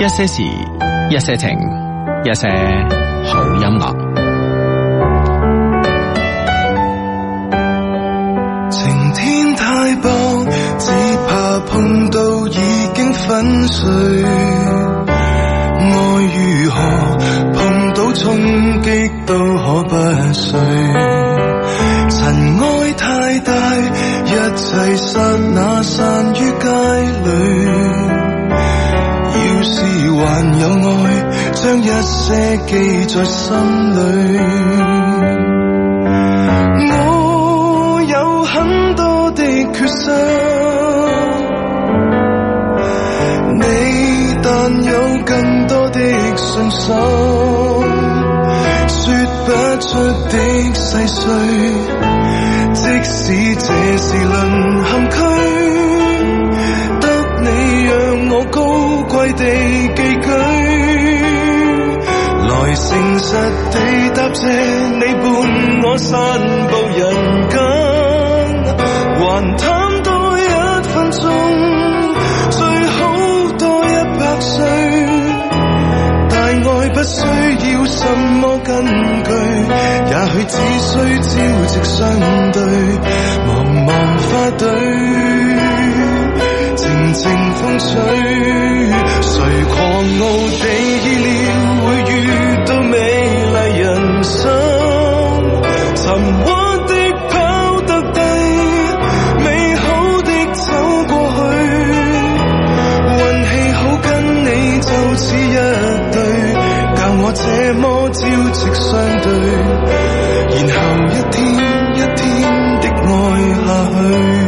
一些事，一些情，一些好音樂。晴天太薄，只怕碰到已經粉碎。愛如何碰到衝擊都可不碎。塵埃太大，一切剎那散於街裏。還有愛，將一些記在心裏。我有很多的缺失，你但有更多的雙手，說不出的細碎，即使這是淪陷區，得你讓我高貴地。實地答謝你伴我散步人間，還貪多一分鐘，最好多一百歲。大愛不需要什麼根據，也許只需朝夕相對，茫茫花堆，靜靜風吹，誰狂傲地意料會遇？沉穩的跑得低，美好的走過去。運氣好跟你就此一對，教我這麼朝夕相對，然後一天一天的愛下去。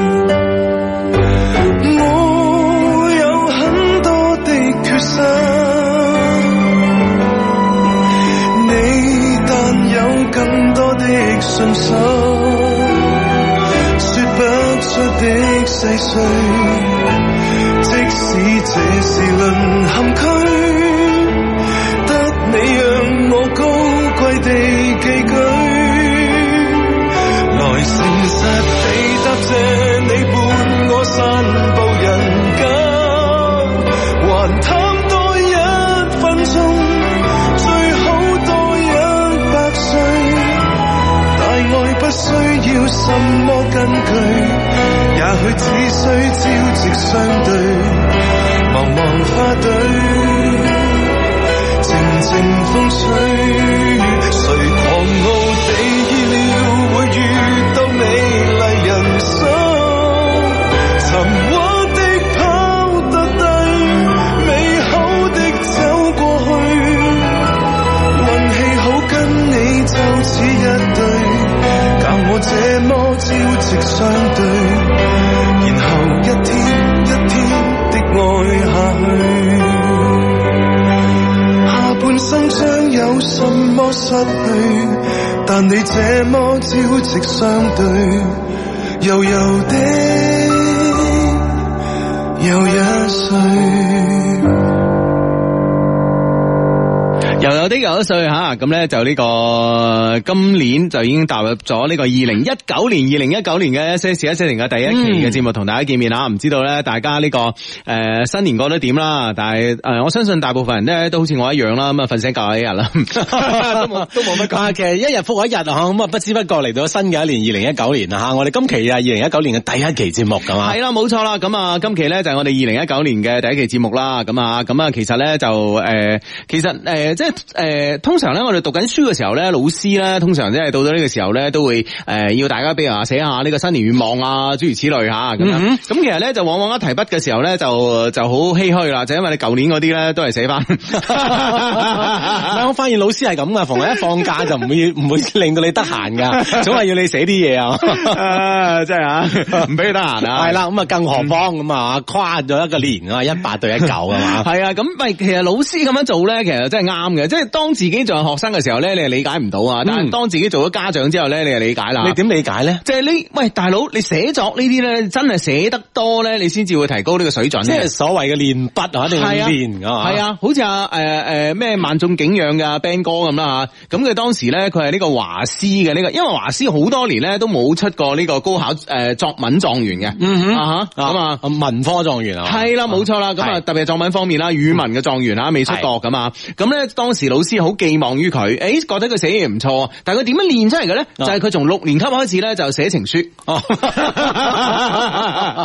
更多的信心，說不出的細碎。即使這是淪陷區，得你讓我高貴地寄居，來誠實地答謝你伴我散步人間。還。什麼根據？也許只需朝夕相對，茫茫花堆，靜靜風吹，誰狂愛？這麼朝夕相對，然後一天一天的愛下去。下半生將有什麼失去？但你這麼朝夕相對，悠悠的又一歲。又有啲又一歲吓，咁、啊、咧就呢、這個今年就已經踏入咗呢個二零一九年，二零一九年嘅 S X S 零嘅第一期嘅節目，同、嗯、大家見面吓。唔、啊、知道咧，大家呢、這個誒、呃、新年過得點啦？但係誒、呃，我相信大部分人咧都好似我一樣啦，咁啊瞓醒覺一日啦， 都冇乜講。其實一日復一日啊，咁啊，不知不覺嚟到新嘅一年二零一九年啦吓、啊。我哋今期啊，二零一九年嘅第一期節目咁、嗯、啊，係啦，冇錯啦。咁啊，今期咧就係、我哋二零一九年嘅第一期節目啦。咁啊，咁啊，其實咧就誒、呃，其實誒、呃呃，即係。誒、呃，通常咧，我哋讀緊書嘅時候咧，老師咧，通常即係到咗呢個時候咧，都會誒、呃、要大家，比如寫下呢個新年願望啊，諸如此類吓咁，咁其實咧，就往往一提筆嘅時候咧，就就好唏噓啦，就因為你舊年嗰啲咧都係寫翻。 我發現老師係咁嘅，逢一放假就唔會唔 會令到你得閒噶， 總係要你寫啲嘢啊， 啊。真係啊，唔俾得閒啊。係 啦，咁啊更何況咁啊，跨咗一個年啊，一八對一九 啊。嘛。係啊，咁咪其實老師咁樣做咧，其實真係啱嘅。即係當自己仲係學生嘅時候咧，你係理解唔到啊。但係當自己做咗家長之後咧，你係理解啦。你點理解咧？即係呢？喂，大佬，你寫作呢啲咧，真係寫得多咧，你先至會提高呢個水準呢。即係所謂嘅練筆啊，一定係練噶嘛。係啊,啊,啊，好似啊，誒誒咩萬眾景仰嘅 Ben 哥咁啦吓。咁佢當時咧，佢係呢個華師嘅呢、這個，因為華師好多年咧都冇出過呢個高考誒、呃、作文狀元嘅。咁、嗯、啊,啊,啊,啊，文科狀元啊。係、啊、啦，冇錯啦。咁啊,啊,啊,啊，特別係作文方面啦、啊，語文嘅狀元啊，未出國噶嘛。咁咧、啊啊啊、當。當時老師好寄望於佢，誒，覺得佢寫嘢唔錯，但係佢點樣練出嚟嘅咧？嗯、就係佢從六年級開始咧，就寫情書。哦、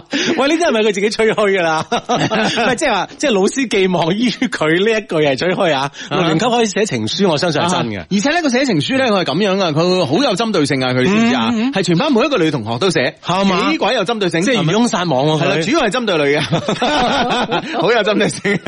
喂，呢啲係咪佢自己吹嘘噶啦？即係話，即係老師寄望於佢呢一句係吹噓啊？嗯、六年級開始寫情書，我相信係真嘅。嗯、而且呢、呢個寫情書咧，佢係咁樣噶，佢好有針對性啊！佢知唔知係全班每一個女同學都寫，幾鬼有針對性，即係漁翁撒網咯。主要係針對女嘅，好 有針對性。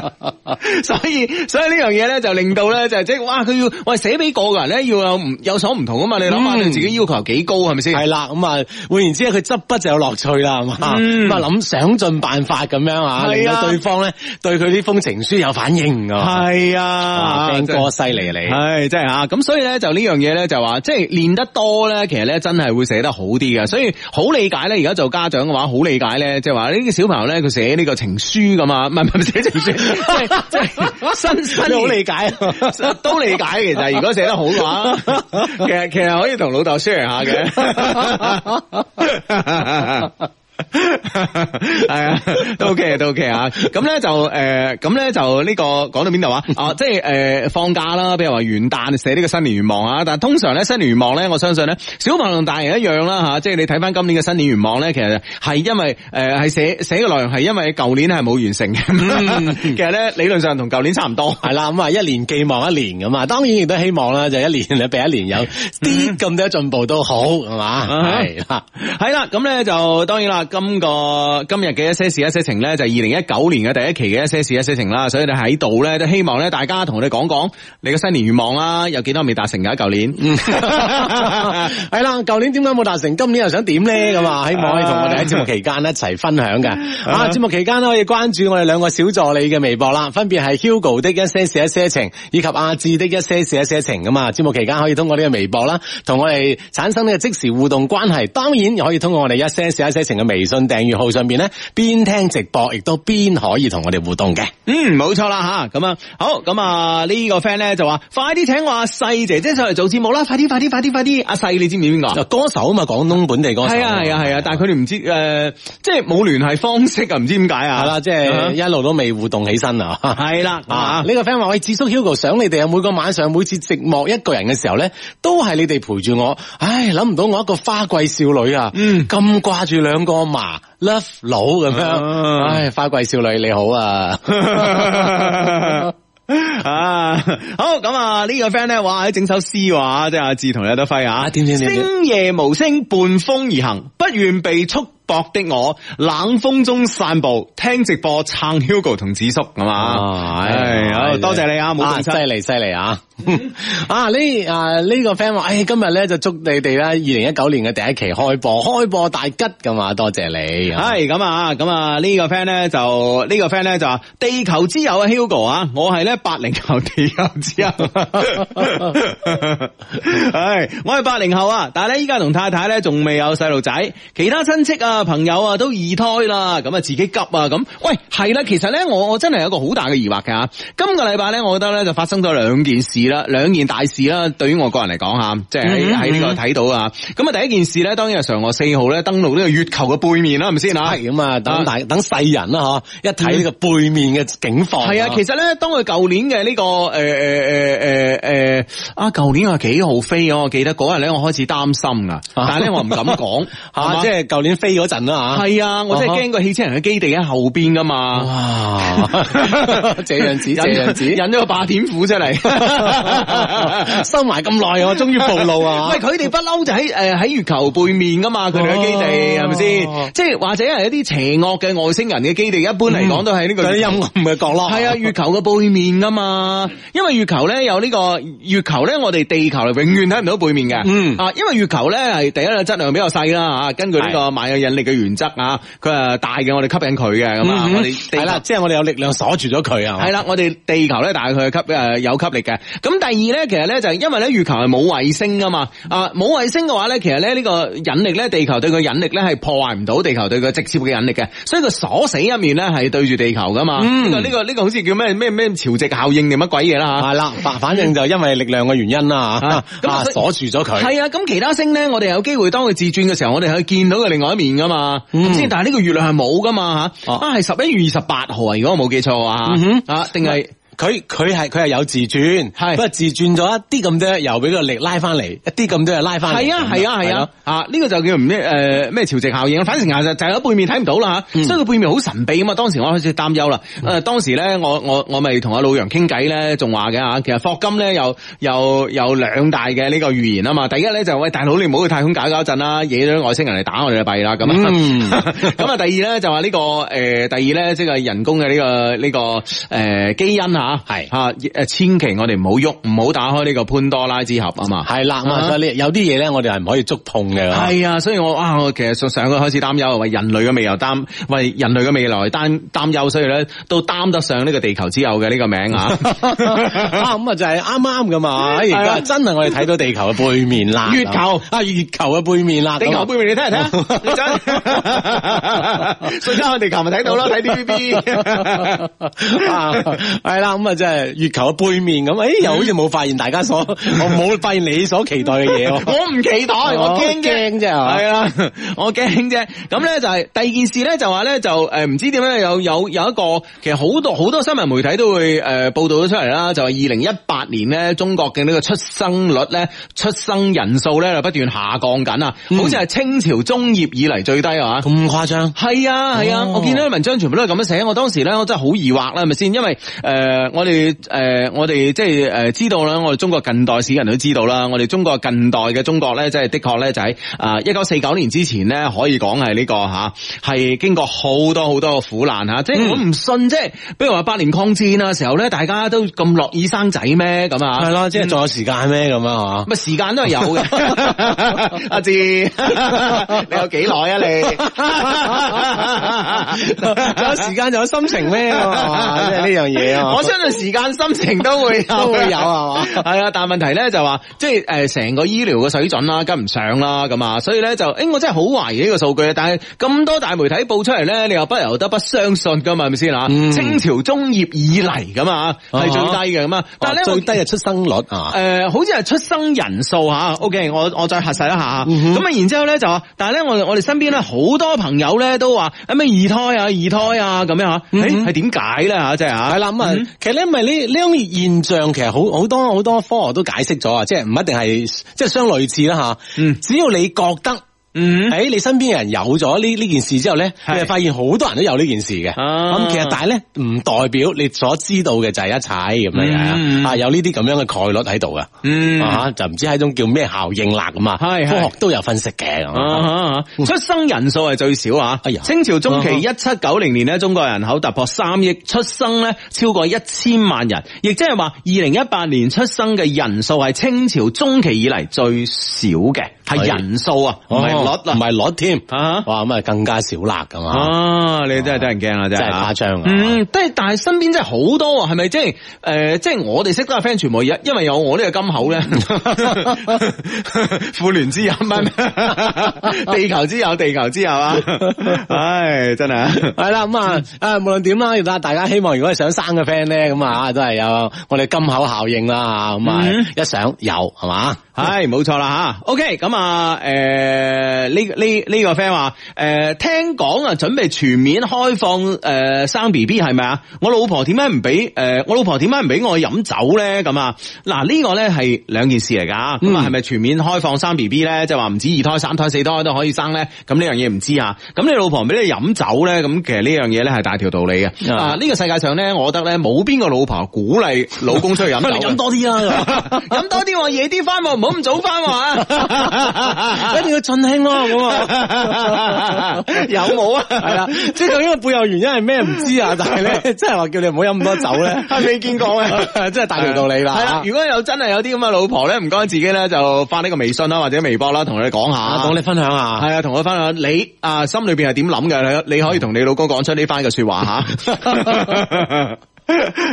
所以，所以呢樣嘢。咧就令到咧就即、是、係，哇佢要喂寫俾個個人咧要有唔有所唔同啊嘛，你諗下、嗯、你自己要求幾高係咪先係啦。咁啊換言之佢執筆就有樂趣啦，係嘛。咁啊諗想盡辦法咁樣啊，令到對方咧對佢呢封情書有反應啊。係啊，哥犀利你係即係吓。咁所以咧就呢樣嘢咧就話即係練得多咧其實咧真係會寫得好啲嘅。所以好理解咧而家做家長嘅話好理解咧即係話呢啲小朋友咧佢寫呢個情書咁啊，唔係唔係寫情書即係 身身 理解都理解，其實如果寫得好嘅話，其實其實可以同老豆 share 下嘅。 係啊，都 OK，都 OK 啊，咁咧 就誒，咁、呃、咧就呢、呢個講到邊度 啊？即係誒放假啦，譬如話元旦寫呢個新年願望啊。但係通常咧新年願望咧，我相信咧，小朋友同大人一樣啦吓，即、啊、係、就是、你睇翻今年嘅新年願望咧，其實係因為誒係寫寫嘅內容係因為舊年係冇完成嘅。嗯、 其實咧理論上同舊年差唔多、嗯，係 啦，咁啊一年寄望一年咁啊。當然亦都希望啦，就一年啊比一年有啲咁、嗯、多進步都好係嘛，係、嗯、啦，係啦，咁咧就當然啦。今個今日嘅一些事一些情咧，就係二零一九年嘅第一期嘅一些事一些情啦。所以你喺度咧，都希望咧，大家同我哋講講你嘅新年願望啦，有幾多未達成噶？舊年嗯，係啦，舊年點解冇達成？今年又想點咧？咁啊，希望可以同我哋喺節目期間一齊分享嘅。啊，節目期間咧可以關注我哋兩個小助理嘅微博啦，分別係 Hugo 的一些事一些情以及阿志的一些事一些情。咁啊，節目期間可以通過呢個微博啦，同我哋產生呢個即時互動關係。當然，又可以通過我哋一些事一些情嘅微。微信訂閱號上邊咧，邊聽直播，亦都邊可以同我哋互動嘅。嗯，冇錯啦吓，咁啊，好，咁啊，呢、這個 friend 咧就話，快啲請我阿細姐姐上嚟做節目啦！快啲，快啲，快啲，快啲！阿細你知唔知邊個？就歌手啊嘛，廣東本地歌手。係啊，係啊，係啊，啊，但係佢哋唔知誒、呃，即係冇聯繫方式啊，唔知點解啊。啦，即、就、係、是、一路都未互動起身啊。係啦，啦，啊呢、啊啊啊這個 friend 話喂，智叔 Hugo 想你哋啊，每個晚上每次寂寞一個人嘅時候咧，都係你哋陪住我。唉，諗唔到我一個花季少女啊，嗯，咁掛住兩個。媽 love 老咁樣，唉，花季少女你好啊， 好啊，好咁啊呢個 friend 咧，哇，整首詩話，即係阿志同阿德輝啊，點點點，星夜無聲，伴風而行，不願被束縛的我，冷風中散步，聽直播撐 Hugo 同紫叔，係嘛？啊哎哎，好多謝你啊，冇問題，犀利犀利啊。嗯、啊！呢啊呢、呢個 friend 話：，誒、哎，今日咧就祝你哋啦，二零一九年嘅第一期開播，開播大吉噶嘛！多謝你。係、嗯、咁啊，咁啊、呢個、呢、呢個 friend 咧就呢個 friend 咧就話：地球之友啊，Hugo 啊，我係咧八零後地球之友 係。係我係八零後啊，但係咧依家同太太咧仲未有細路仔，其他親戚啊、朋友啊都二胎啦、啊，咁啊自己急啊咁。喂，係啦，其實咧我我真係有一個好大嘅疑惑嘅、啊、今個禮拜咧我覺得咧就發生咗兩件事。啦，兩件大事啦，對於我個人嚟講吓，即係喺呢個睇到啊。咁啊，第一件事咧，當然係嫦娥四號咧登陸呢個月球嘅背面啦，係咪先啊？係咁啊，等大等，等世人啦一睇呢個背面嘅景況。係、嗯、啊，其實咧，當佢舊年嘅呢、這個誒誒誒誒誒啊，舊年係幾號飛啊？我記得嗰日咧，我開始擔心啊，但係咧，我唔敢講，即係舊年飛嗰陣啦吓。係啊，我真係驚個汽車人嘅基地喺後邊噶嘛。哇， 這樣子，這樣子，引咗個霸天虎出嚟。收埋咁耐，我終於暴露啊！喂，佢哋不嬲就喺誒喺月球背面噶嘛，佢哋嘅基地係咪先？即係或者係一啲邪惡嘅外星人嘅基地，一般嚟講都係呢個。即係啲陰暗嘅角落。係啊，月球嘅背面噶嘛，因為月球咧有呢個月球咧，我哋地球係永遠睇唔到背面嘅。嗯啊，因為月球咧係第一個質量比較細啦啊，根據呢個萬有引力嘅原則啊，佢係大嘅，我哋吸引佢嘅，咁啊，我哋係啦，即係我哋有力量鎖住咗佢啊。係啦，我哋地球咧，但係佢吸誒有吸力嘅。咁第二咧，其實咧就係因為咧月球係冇衛星噶嘛，啊冇衛星嘅話咧，其實咧呢個引力咧，地球對佢引力咧係破壞唔到地球對佢直接嘅引力嘅，所以佢鎖死一面咧係對住地球噶嘛，呢、嗯這個呢、這個這個好似叫咩咩咩潮汐效應定乜鬼嘢啦吓。係啦、啊，反正就因為力量嘅原因啦吓，咁鎖住咗佢。係啊，咁、啊啊、其他星咧，我哋有機會當佢自轉嘅時候，我哋去見到嘅另外一面噶嘛，咁先。但係呢個月亮係冇噶嘛吓，啊係十一月二十八號，如果我冇記錯、嗯、啊，啊定係。佢佢係佢係有自轉，係不過自轉咗一啲咁多，又俾個力拉翻嚟，一啲咁多又拉翻嚟。係啊係啊係啊，啊，啊呢、這個就叫咩誒咩潮汐效應。反正其實就喺背面睇唔到啦吓，嗯，所以佢背面好神秘㗎嘛。當時我開始擔憂啦。誒、呃，當時咧我我我咪同阿老楊傾偈咧，仲話嘅吓。其實霍金咧又又有兩大嘅呢個預言啊嘛。第一咧就是，喂大佬你唔好去太空搞搞震啦，惹咗外星人嚟打我哋嘅幣啦咁咁啊，第二咧就話呢個誒，第二咧即係人工嘅呢、這個呢、這個誒、呃、基因啊。啊，係誒、啊，千祈我哋唔好喐，唔好打開呢個潘多拉之盒是啊嘛。係啦，所以有啲嘢咧，我哋係唔可以觸碰嘅。係啊，所以我、啊、我其實上上個開始擔憂，為人類嘅未來擔，為人類嘅未來擔擔憂，所以咧都擔得上呢個地球之友嘅呢、呢個名啊。咁 啊就係啱啱噶嘛。而家真係我哋睇到地球嘅背面啦，月球啊，月球嘅背面啦，地球背面你聽唔聽？所以而家我哋地球咪睇到咯，睇 TVB。係啦。咁啊，即係月球嘅背面咁，誒、哎，又好似冇發現大家所， 我冇發現你所期待嘅嘢 我唔期待， 我驚驚啫，係 啊，我驚啫。咁咧就係第二件事咧，就話咧就誒，唔知點樣有有有一個，其實好多好多新聞媒體都會誒、呃、報道咗出嚟啦，就係二零一八年呢中國嘅呢個出生率咧，出生人數咧就不斷下降緊啊，嗯、好似係清朝中葉以嚟最低、嗯、誇張啊，咁誇張？係啊係啊，哦、我見到啲文章全部都係咁樣寫，我當時咧我真係好疑惑啦，係咪先？因為誒。呃我哋誒、呃，我哋即係誒，知道啦，我哋中國近代史人都知道啦。我哋中國近代嘅中國咧、這個啊啊，即係的確咧，就喺啊一九四九年之前咧，可以講係呢個吓，係經過好多好多嘅苦難吓。即係我唔信，即係比如話八年抗戰啊時候咧，大家都咁樂意生仔咩咁啊？係咯，即係仲、嗯、有時間咩咁啊？咁啊，時間都係有嘅、 啊。阿志，你有幾耐啊？你 仲有時間就有心情咩？即係呢樣嘢啊！ 呢段時間心情都會有， 都會有係啊， 但係問題咧就話，即係誒，成個醫療嘅水準啦，跟唔上啦咁啊，所以咧就，誒、欸，我真係好懷疑呢個數據。但係咁多大媒體報出嚟咧，你又不由得不相信噶嘛？係咪先啊？嗯、清朝中葉以嚟咁啊，啊，係最低嘅咁啊，但係咧最低嘅出生率啊、呃，誒，好似係出生人數吓、啊、OK，我我再核實一下咁啊，嗯、然之後咧就，但係咧我我哋身邊咧好多朋友咧都話，咩、嗯、二胎啊，二胎啊咁樣吓，誒、嗯欸，係點解咧吓？即係吓，係啦咁啊。嗯其實咧，唔係呢呢種現象，其實好好多好多科學都解釋咗啊，即係唔一定係，即係相類似啦吓。嗯，只要你覺得。嗯，你身邊嘅人有咗呢呢件事之後咧，你發現好多人都有呢件事嘅、啊。咁其實但係咧，唔代表你所知道嘅就係一切咁樣嘅，有呢啲咁樣嘅概率喺度㗎，就唔知係一種叫咩效應啦咁啊。係科學都有分析嘅、啊啊啊啊。出生人數係最少啊，啊。清朝中期一七九零年呢，中國人口突破三億，出生咧超過一千萬人，亦即係話二零一八年出生嘅人數係清朝中期以嚟最少嘅，係人數啊，啊啊辣唔係辣添啊！哇咁啊更加少辣噶嘛！啊，你真係得人驚啊！真係誇張啊！嗯，但係身邊真係好多啊，係咪即係誒？即係、就是呃就是、我哋識得嘅 friend 全部因為有我呢個金口咧， 富聯之友咩？ 地球之友，地球之友啊！唉、 哎，真係係啦咁啊！啊，無論點啦，大家希望，如果係想生嘅 friend 咧，咁啊，都係有我哋金口效應啦！咁啊，一想、嗯、有係嘛？係冇錯啦吓。OK，咁啊誒。呃誒，呢呢呢個 friend 話，誒、呃，聽講啊，準備全面開放誒、呃、生 B B 係咪啊？我老婆點解唔俾誒？我老婆點解唔俾我飲酒咧？咁啊，嗱、這、呢個咧係兩件事嚟噶，咁啊係咪全面開放生 B B 咧？即係話唔止二胎、三胎、四胎都可以生咧？咁呢樣嘢唔知啊。咁你老婆俾你飲酒咧？咁其實呢樣嘢咧係大條道理嘅、嗯。啊，呢、這個世界上咧，我覺得咧，冇邊個老婆鼓勵老公出去飲 多啲啊，飲 多啲，夜啲翻，唔好咁早翻啊。 啊 一定要盡興。咁、哦哦哦、啊，啊，啊，啊，啊，有冇啊？係啦，即係究竟個背後原因係咩唔知啊，但係咧，即 係話叫你唔好飲咁多酒咧，係未見過啊，即係大條道理啦。係啦，如果有真係有啲咁嘅老婆咧，唔該自己咧，就翻呢個微信啦，或者微博啦，同你講下，同、啊、你、啊、分享下。係啊，同我分享下你啊，心裏邊係點諗嘅？你可以同你老公講出呢番嘅說話吓、嗯。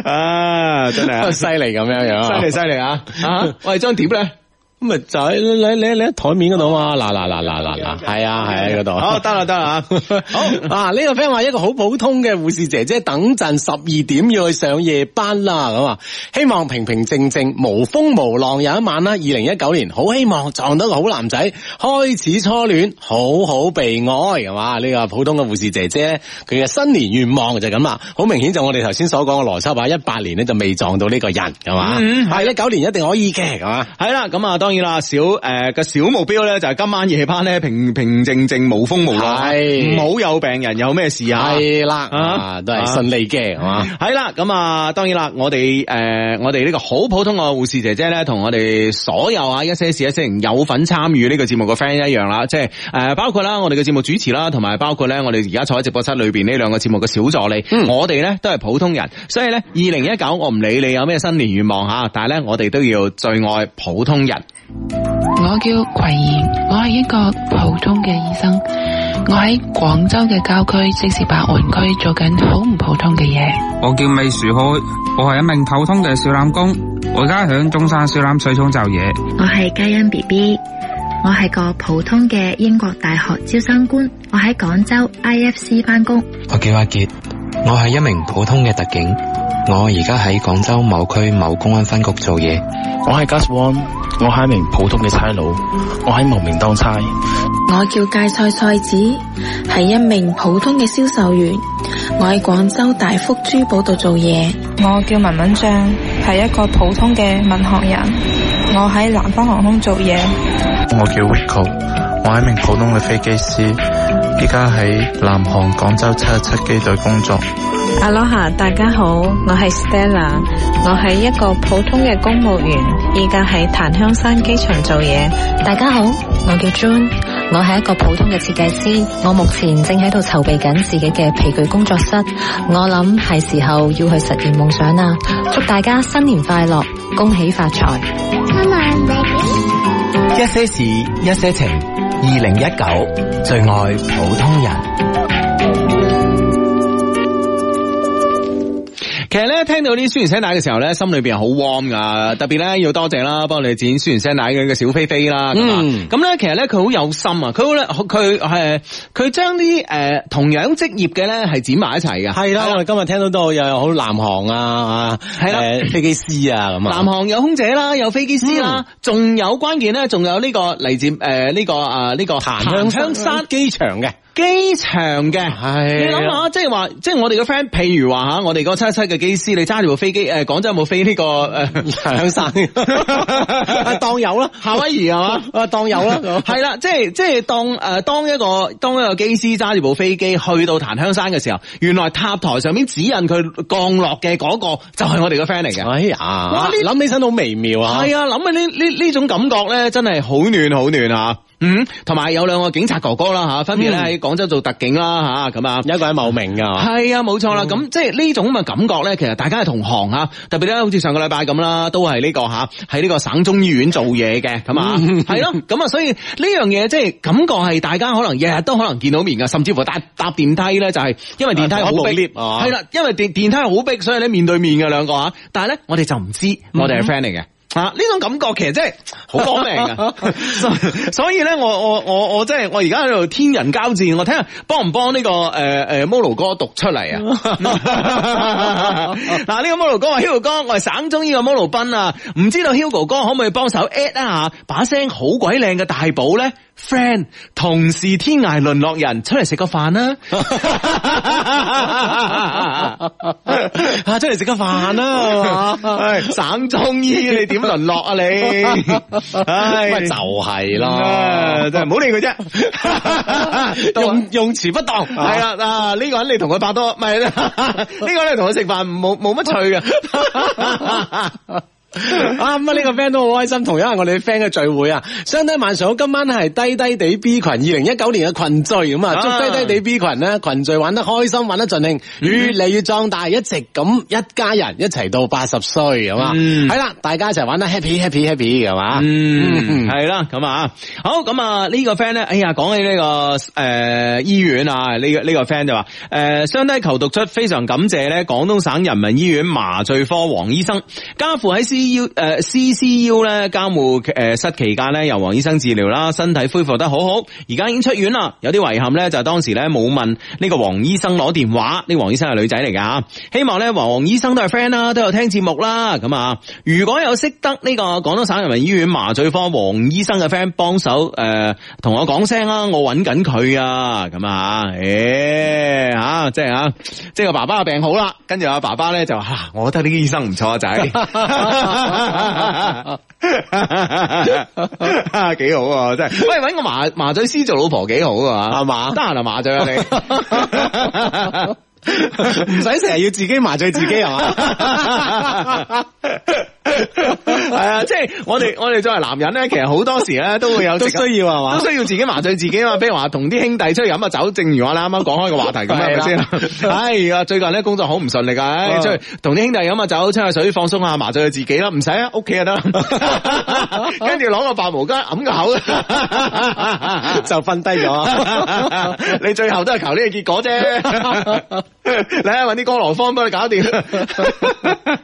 啊，真係犀利咁樣樣，犀利犀利啊！啊，喂，張碟咧。咁咪就喺你你喺台面嗰度嘛？嗱嗱嗱嗱嗱嗱，係啊係啊嗰度。好得啦得啦， 好啊！呢、這個 friend 話一個好普通嘅護士姐姐，等陣十二點要去上夜班啦。咁啊，希望平平靜靜、無風無浪有一晚啦。二零一九年，好希望撞到個好男仔，開始初戀，好好被愛，係嘛？呢、這個普通嘅護士姐姐，佢嘅新年願望就咁啊！好明顯就我哋頭先所講嘅羅修話一八年咧就未撞到呢個人，係、嗯、嘛？係咧，九年一定可以嘅，係嘛？係啦，咁、嗯、啊當然啦，小誒個、呃、小目標咧就係、是、今晚夜班咧平平靜靜無風無浪，係唔好有病人有咩事啊？係啦，啊，啊都係順利嘅，係、啊、嘛？係啦，咁啊，當然啦，我哋誒、呃、我哋呢個好普通嘅護士姐姐咧，同我哋所有啊一些事一些人有份參與呢個節目嘅 friend 一樣啦，即係誒、呃、包括啦我哋嘅節目主持啦，同埋包括咧我哋而家坐喺直播室裏邊呢兩個節目嘅小助理，嗯、我哋咧都係普通人，所以咧二零一九我唔理你有咩新年願望吓，但係咧我哋都要最愛普通人。我叫葵怡，我係一個普通嘅醫生，我喺廣州嘅郊區，即是白雲區，做緊好唔普通嘅嘢。我叫米樹海，我係一名普通嘅小欖工，我而家響中山小欖水廠就嘢。我係嘉欣 B B，我係個普通嘅英國大學招生官，我喺廣州 I F C 翻工。我叫阿傑，我係一名普通嘅特警。我而家喺廣州某區某公安分局做嘢。我係 Gas One，我係一名普通嘅差佬，我喺茂名當差。我叫芥菜菜子，係一名普通嘅銷售員，我喺廣州大福珠寶度做嘢。我叫文文張，係一個普通嘅民航人，我喺南方航空做嘢。我叫 Wicko，我係一名普通嘅飛機師，依家喺南航廣州七七機隊工作。阿羅哈，大家好，我係 Stella，我係一個普通嘅公務員，依家喺檀香山機場做嘢。大家好，我叫 June，我係一個普通嘅設計師，我目前正喺度籌備緊自己嘅皮具工作室，我諗係時候要去實現夢想啦。祝大家新年快樂，恭喜發財。Hello, baby. 一些事，一些情，二零一九，最愛普通人。其實咧聽到啲舒然聲帶嘅時候咧，心裏邊好 warm 噶，特別咧要多謝幫飛飛、嗯呃、啦，幫我哋剪舒然聲帶嘅小菲菲啦，咁呢，咁咧其實咧佢好有心啊，佢好佢係佢將啲誒同樣職業嘅咧係剪埋一齊㗎。係啦，今日聽到都有好南航啊，係啦，飛機師啊咁啊， 南航有空姐啦，有飛機師啦，仲、嗯、有關鍵咧，仲有呢、這個嚟自誒呢、呃這個啊呢、這個咸陽山機場嘅。機場嘅、係啊，你諗下，即係話，即係我哋個 friend，譬如話吓，我哋嗰七七嘅機師，你揸住部飛機，誒、呃，廣州有冇飛呢、這個誒香山？當有啦，夏威夷係嘛，當有啦，係啦，即係即係當誒、呃、當一個當一個機師揸住部飛機去到檀香山嘅時候，原來塔台上面指引佢降落嘅嗰個就係我哋個 friend 嚟嘅。哎呀，哇，呢諗起身好微妙啊！係啊，諗起呢呢呢種感覺咧，真係好暖，暖，好暖啊！嗯，同埋有兩個警察哥哥啦嚇，分別咧喺廣州做特警啦嚇，咁啊，一個喺茂名噶，係、嗯、啊，冇錯啦。咁、嗯、即係呢種咁嘅感覺咧，其實大家係同行嚇，特別咧好似上個禮拜咁啦，都係呢、呢個吓，喺、啊、呢個省中醫院做嘢嘅咁啊，係咯。咁啊，所以呢 樣嘢即係感覺係大家可能日日都可能見到面嘅，甚至乎搭搭電梯咧就係、是、因為電梯好逼，係、啊、啦，因為電梯、啊啊、因為電梯好逼，所以咧面對面嘅兩個嚇，但係咧我哋就唔知我哋係 friend 嚟嘅。嗯啊！呢種感覺其實真係好光明啊， 所以咧，我我我我真係我而家喺度天人交戰，我睇下幫唔幫呢個誒誒、呃、摩羅哥讀出嚟啊！嗱、 啊，呢、這個摩羅哥，Hugo 哥，我係省中醫嘅摩羅斌啊，唔知道 Hugo 哥可唔可以幫手 at 一下，把聲好鬼靚嘅大寶咧。friend，同是天涯淪落人，出嚟食個飯啦！ 啊，出嚟食個飯啦、啊！ 啊、 省中醫，你點淪落啊你？咪就係咯，就唔好理佢啫。用用詞不當，係啦啊！呢、啊這個人你同佢拍拖，唔係呢個你同佢食飯，冇冇乜趣㗎。 啊咁啊呢個 friend 都好開心， 同樣係我哋 friend 嘅聚會啊！雙低晚上好！今晚係低低地 B 群二零一九年嘅群聚，咁啊祝低低地 B 群咧群聚玩得開心，玩得盡興，越嚟越壯大，一直咁一家人一齊到八十歲，係、嗯、嘛？係啦，大家一齊玩得 happy happy happy，係嘛？嗯，係 啦，咁啊，好咁啊、這個、呢個 friend 咧，哎呀，講起呢、這個誒、呃、醫院啊，呢、這個呢、這個 friend 就話誒雙低求讀出，非常感謝咧廣東省人民醫院麻醉科黃醫生，家父喺 C U 誒、呃、C C U 咧監護誒室期間咧由黃醫生治療啦，身體恢復得好好，而家已經出院啦。有啲遺憾咧就當時咧冇問呢個黃醫生攞電話，呢、這、黃、個、醫生係女仔嚟噶吓。希望咧黃醫生都係 friend 啦，都有聽節目啦。咁啊，如果有識得呢個廣東省人民醫院麻醉科黃醫生嘅 friend 幫手誒，同、呃、我講聲、欸、啊，我搵緊佢啊。咁啊吓，誒吓，即係啊即係爸爸病好啦，跟住阿爸爸咧就吓、啊，我覺得呢個醫生唔錯啊仔。 哈 幾好啊！真係，喂，搵個麻麻醉師做老婆幾好啊？係、啊、嘛，得閒啊麻醉啊 你，唔使成日要自己麻醉自己啊。嘛、啊。啊啊啊啊啊係 啊，即係我哋我哋作為男人咧，其實好多時咧都會有，需要啊。嘛，都需要自己麻醉自己嘛。譬如話同啲兄弟出去飲下酒，正如我啱啱講開個話題咁啊，先。 哎啊，最近咧工作好唔順利㗎。唉，出去同啲兄弟飲下酒，吹下水，放鬆下，麻醉下自己啦，唔使 啊，屋企就得，跟住攞個白毛巾揞個口， 啊、就瞓低咗。 你最後都係求呢個結果啫，你 啊，搵啲歌羅芳幫你搞掂。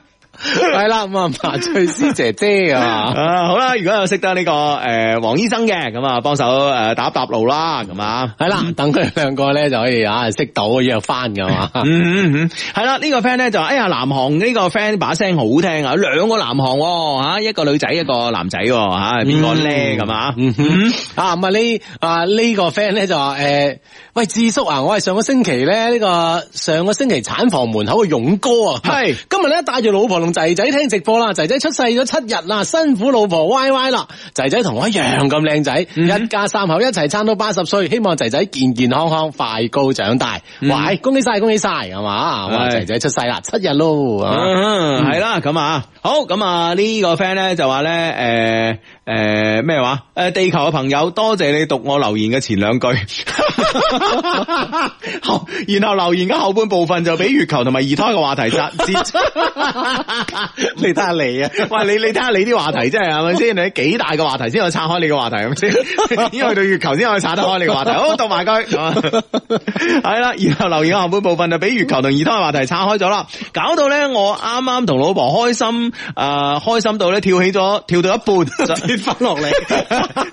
係 啦，咁啊麻醉師姐姐嘛啊，好啦，如果有識得、這、呢個誒黃、呃、醫生嘅，咁啊幫手誒打搭路啦，咁啊係啦，等佢兩個咧就可以啊識到約翻噶嘛，係、嗯、啦，嗯嗯 這個、fan 呢、哎、個 friend 咧就話哎呀南韓呢個 friend 把聲好聽啊，兩個南韓吓、啊，一個女仔一個男仔吓，邊個叻咁啊？嗯嗯嗯、啊唔係、啊這個、呢啊呢個 friend 咧就話誒、欸，喂智叔啊，我係上個星期咧呢、這個上個星期產房門口嘅勇哥啊，係今日咧帶住老婆同。仔仔聽直播啦，仔仔出世咗七日啦，辛苦老婆歪歪啦，仔仔同我一樣咁靚仔，mm-hmm. 一家三口一齊撐到八十歲，希望仔仔健健康康，快高長大，喂、mm-hmm.，恭喜晒，恭喜晒，係嘛，仔仔出世啦，七日咯，係、uh-huh, 啦、嗯，咁啊。好咁啊！呢、這個 friend 咧就話咧，誒誒咩話？誒、呃、地球嘅朋友，多謝,謝你讀我留言嘅前兩句， 然後留言嘅後半部分就俾月球同埋二胎嘅話題拆， 你睇下你啊，喂你你睇下你啲話題，真係係咪先？你幾大嘅話題先可以拆開你嘅話題係咪先？ 因為到月球先可以拆得開你嘅話題。好，讀埋句，係啦，然後留言嘅後半部分就俾月球同二胎嘅話題拆開咗啦，搞到咧我啱啱同老婆開心。誒、呃，開心到咧跳起咗，跳到一半就跌翻落嚟，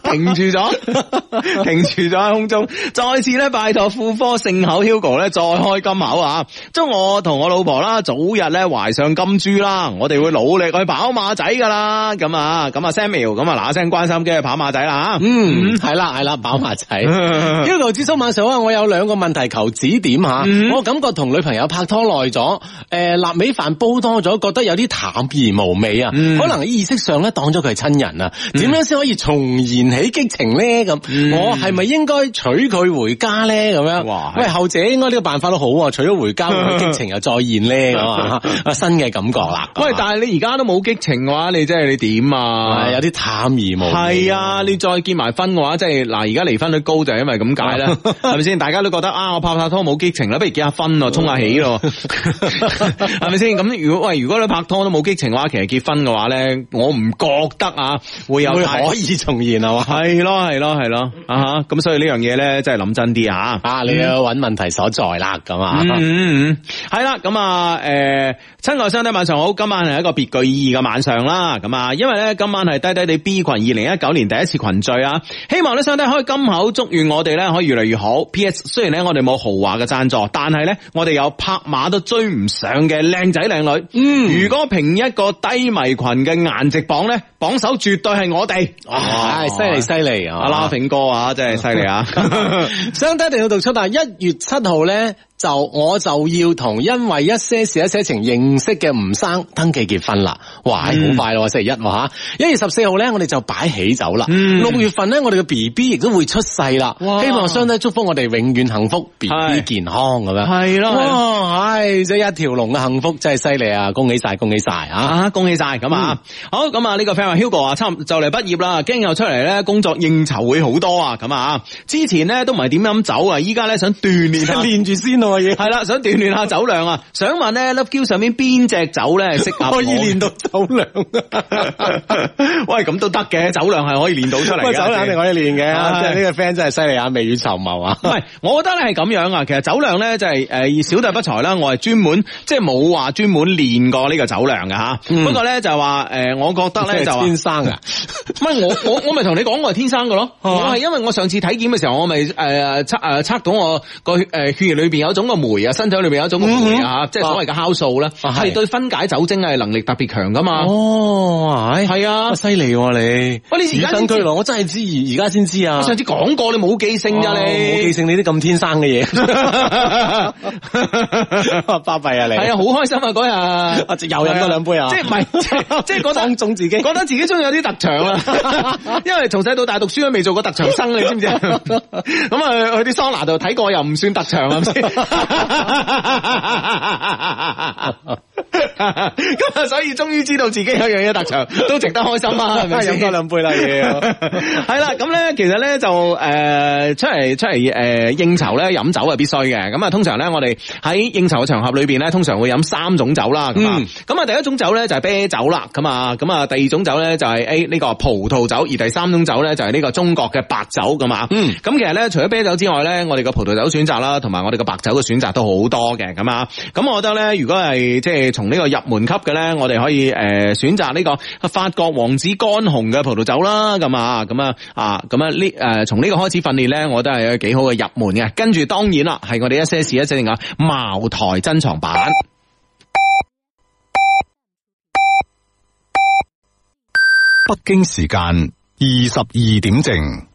停住咗， 停住咗喺空中， 再次咧拜託婦科聖口 Hugo 咧再開金口啊！祝我同我老婆啦早日咧懷上金豬啦！我哋會努力去跑馬仔噶啦，咁啊，咁啊 Samuel，咁啊嗱聲聲關心機去跑馬仔啦！嗯，係、嗯嗯、啦係啦，跑馬仔，Hugo 資深馬手啊！我有兩個問題求指點吓、嗯，我感覺同女朋友拍拖耐咗，誒臘味飯煲多咗，覺得有啲淡然。無味啊、嗯，可能意識上咧當咗佢係親人啊，點、嗯、樣先可以重燃起激情咧？咁、嗯、我係咪應該娶佢回家咧？咁樣，喂，後者應該呢個辦法都好，啊，娶咗回家， 佢激情又再現呢。 新嘅感覺啦。 喂，但係你而家都冇激情嘅話，你即、就、係、是、你點啊？有啲淡而無味、啊。係啊，你再結埋婚嘅話，即係嗱，而家離婚率高就係因為咁解啦，係咪先？大家都覺得啊，我拍拍拖冇激情啦，不如結下婚咯，沖下喜咯，係咪先？咁如果喂，如果你拍拖都冇激情嘅話其實結婚嘅話咧，我唔覺得啊，會有可以重現 啊。嘛？係咯係咯係咯啊吓！咁所以這件事呢樣嘢咧，真係諗真啲啊！啊，你要揾問題所在啦咁啊！嗯，係啦，咁啊，誒，親愛兄弟晚上好，今晚係一個別具意義嘅晚上啦，咁啊，因為咧今晚係低低哋 B 群二零一九年第一次群聚啊！希望呢兄弟可以金口祝願我哋咧可以越嚟越好。P.S. 雖然咧我哋冇豪華嘅讚助，但係咧我哋有拍馬都追唔上嘅靚仔靚女。嗯，如果憑一個。低迷群嘅顏值榜咧，榜首絕對係我哋，唉、oh. oh. wow. oh.，犀利犀利，啊，阿 Laughing 哥啊，真係犀利啊！相睇一定要讀出但係一月七號咧。就我就要同因為一些事一些情認識嘅吳生登記結婚啦，哇，好快咯，星、嗯、期一吓、啊、一月十四號咧，我哋就擺喜酒啦。六、嗯、月份咧，我哋嘅 B B 亦都會出世啦。希望雙姐祝福我哋永遠幸福，B B 健康咁樣。係咯，唉，即係、哎、一條龍嘅幸福真係犀利啊！恭喜晒，恭喜晒啊！恭喜晒咁啊！好咁啊，呢個 friend Hugo 啊，差唔多就嚟畢業啦，驚又出嚟咧，工作應酬會好多啊！咁啊，之前咧都唔係點飲酒啊，依家咧想鍛煉，練住先咯。係 啦，想鍛煉下酒量啊！想問咧 l o v e q 上面邊隻酒咧適合我 可以練到酒量啊！ 喂，咁都得嘅，酒量係可以練到出嚟嘅。 酒量定可以練嘅， 對對對，即係呢 個 friend 真係犀利啊！未雨綢繆啊！喂，係，我覺得咧係咁樣啊。其實酒量咧就係、是、誒、呃、小弟不才啦。我係專門即係冇話專門練過呢個酒量嘅吓。嗯、不過咧就話誒、呃，我覺得咧就天生啊！係 我我我咪同你講我係天生㗎咯。 我係因為我上次體檢嘅時候，我咪誒測誒測到我個誒血液裏邊有。有一種個酶啊，身體裏面有一種酶、嗯、啊，即係所謂嘅酵素咧，係對分解酒精啊能力特別強噶嘛。哦，係、哎、係啊，犀利喎你、啊。我而家，我真係知而家先知啊。上次講過你冇記性噶、啊哦、你，冇記性你啲咁天生嘅嘢，巴 閉 啊你。係啊，好開心啊嗰日，又飲多兩杯啊。即係唔係？即係、就是、覺自己，覺得自己中意有啲特長啊。 因為從細到大讀書都未做過特長生，你知唔知？咁 啊 去啲桑拿度睇過又唔算特長啊？咁啊，所以終於知道自己有樣嘢特長，都值得開心啊！飲多 兩杯啦，要係啦。咁咧，其實咧就誒、呃，出嚟出嚟誒、呃、應酬咧，飲酒係必須嘅。咁啊，通常咧，我哋喺應酬嘅場合裏邊咧，通常會飲三種酒啦。咁、嗯、啊，咁啊，第一種酒咧就係、是、啤酒啦。咁啊，咁啊，第二種酒咧就係誒呢個葡萄酒，而第三種酒咧就係、是、呢個中國嘅白酒。咁啊，嗯，咁其實咧，除咗啤酒之外咧，我哋嘅葡萄酒選擇啦，同埋我哋嘅白酒，個選擇都好多嘅咁啊！咁我覺得咧，如果係即係從呢個入門級嘅咧，我哋可以誒、呃、選擇呢、這個法國王子乾紅嘅葡萄酒啦，咁啊咁啊啊咁啊呢誒！從呢個開始訓練咧，我覺得係幾好嘅入門嘅。跟住當然啦，係我哋一些事一些情嘅茅台珍藏版。北京時間二十二點正。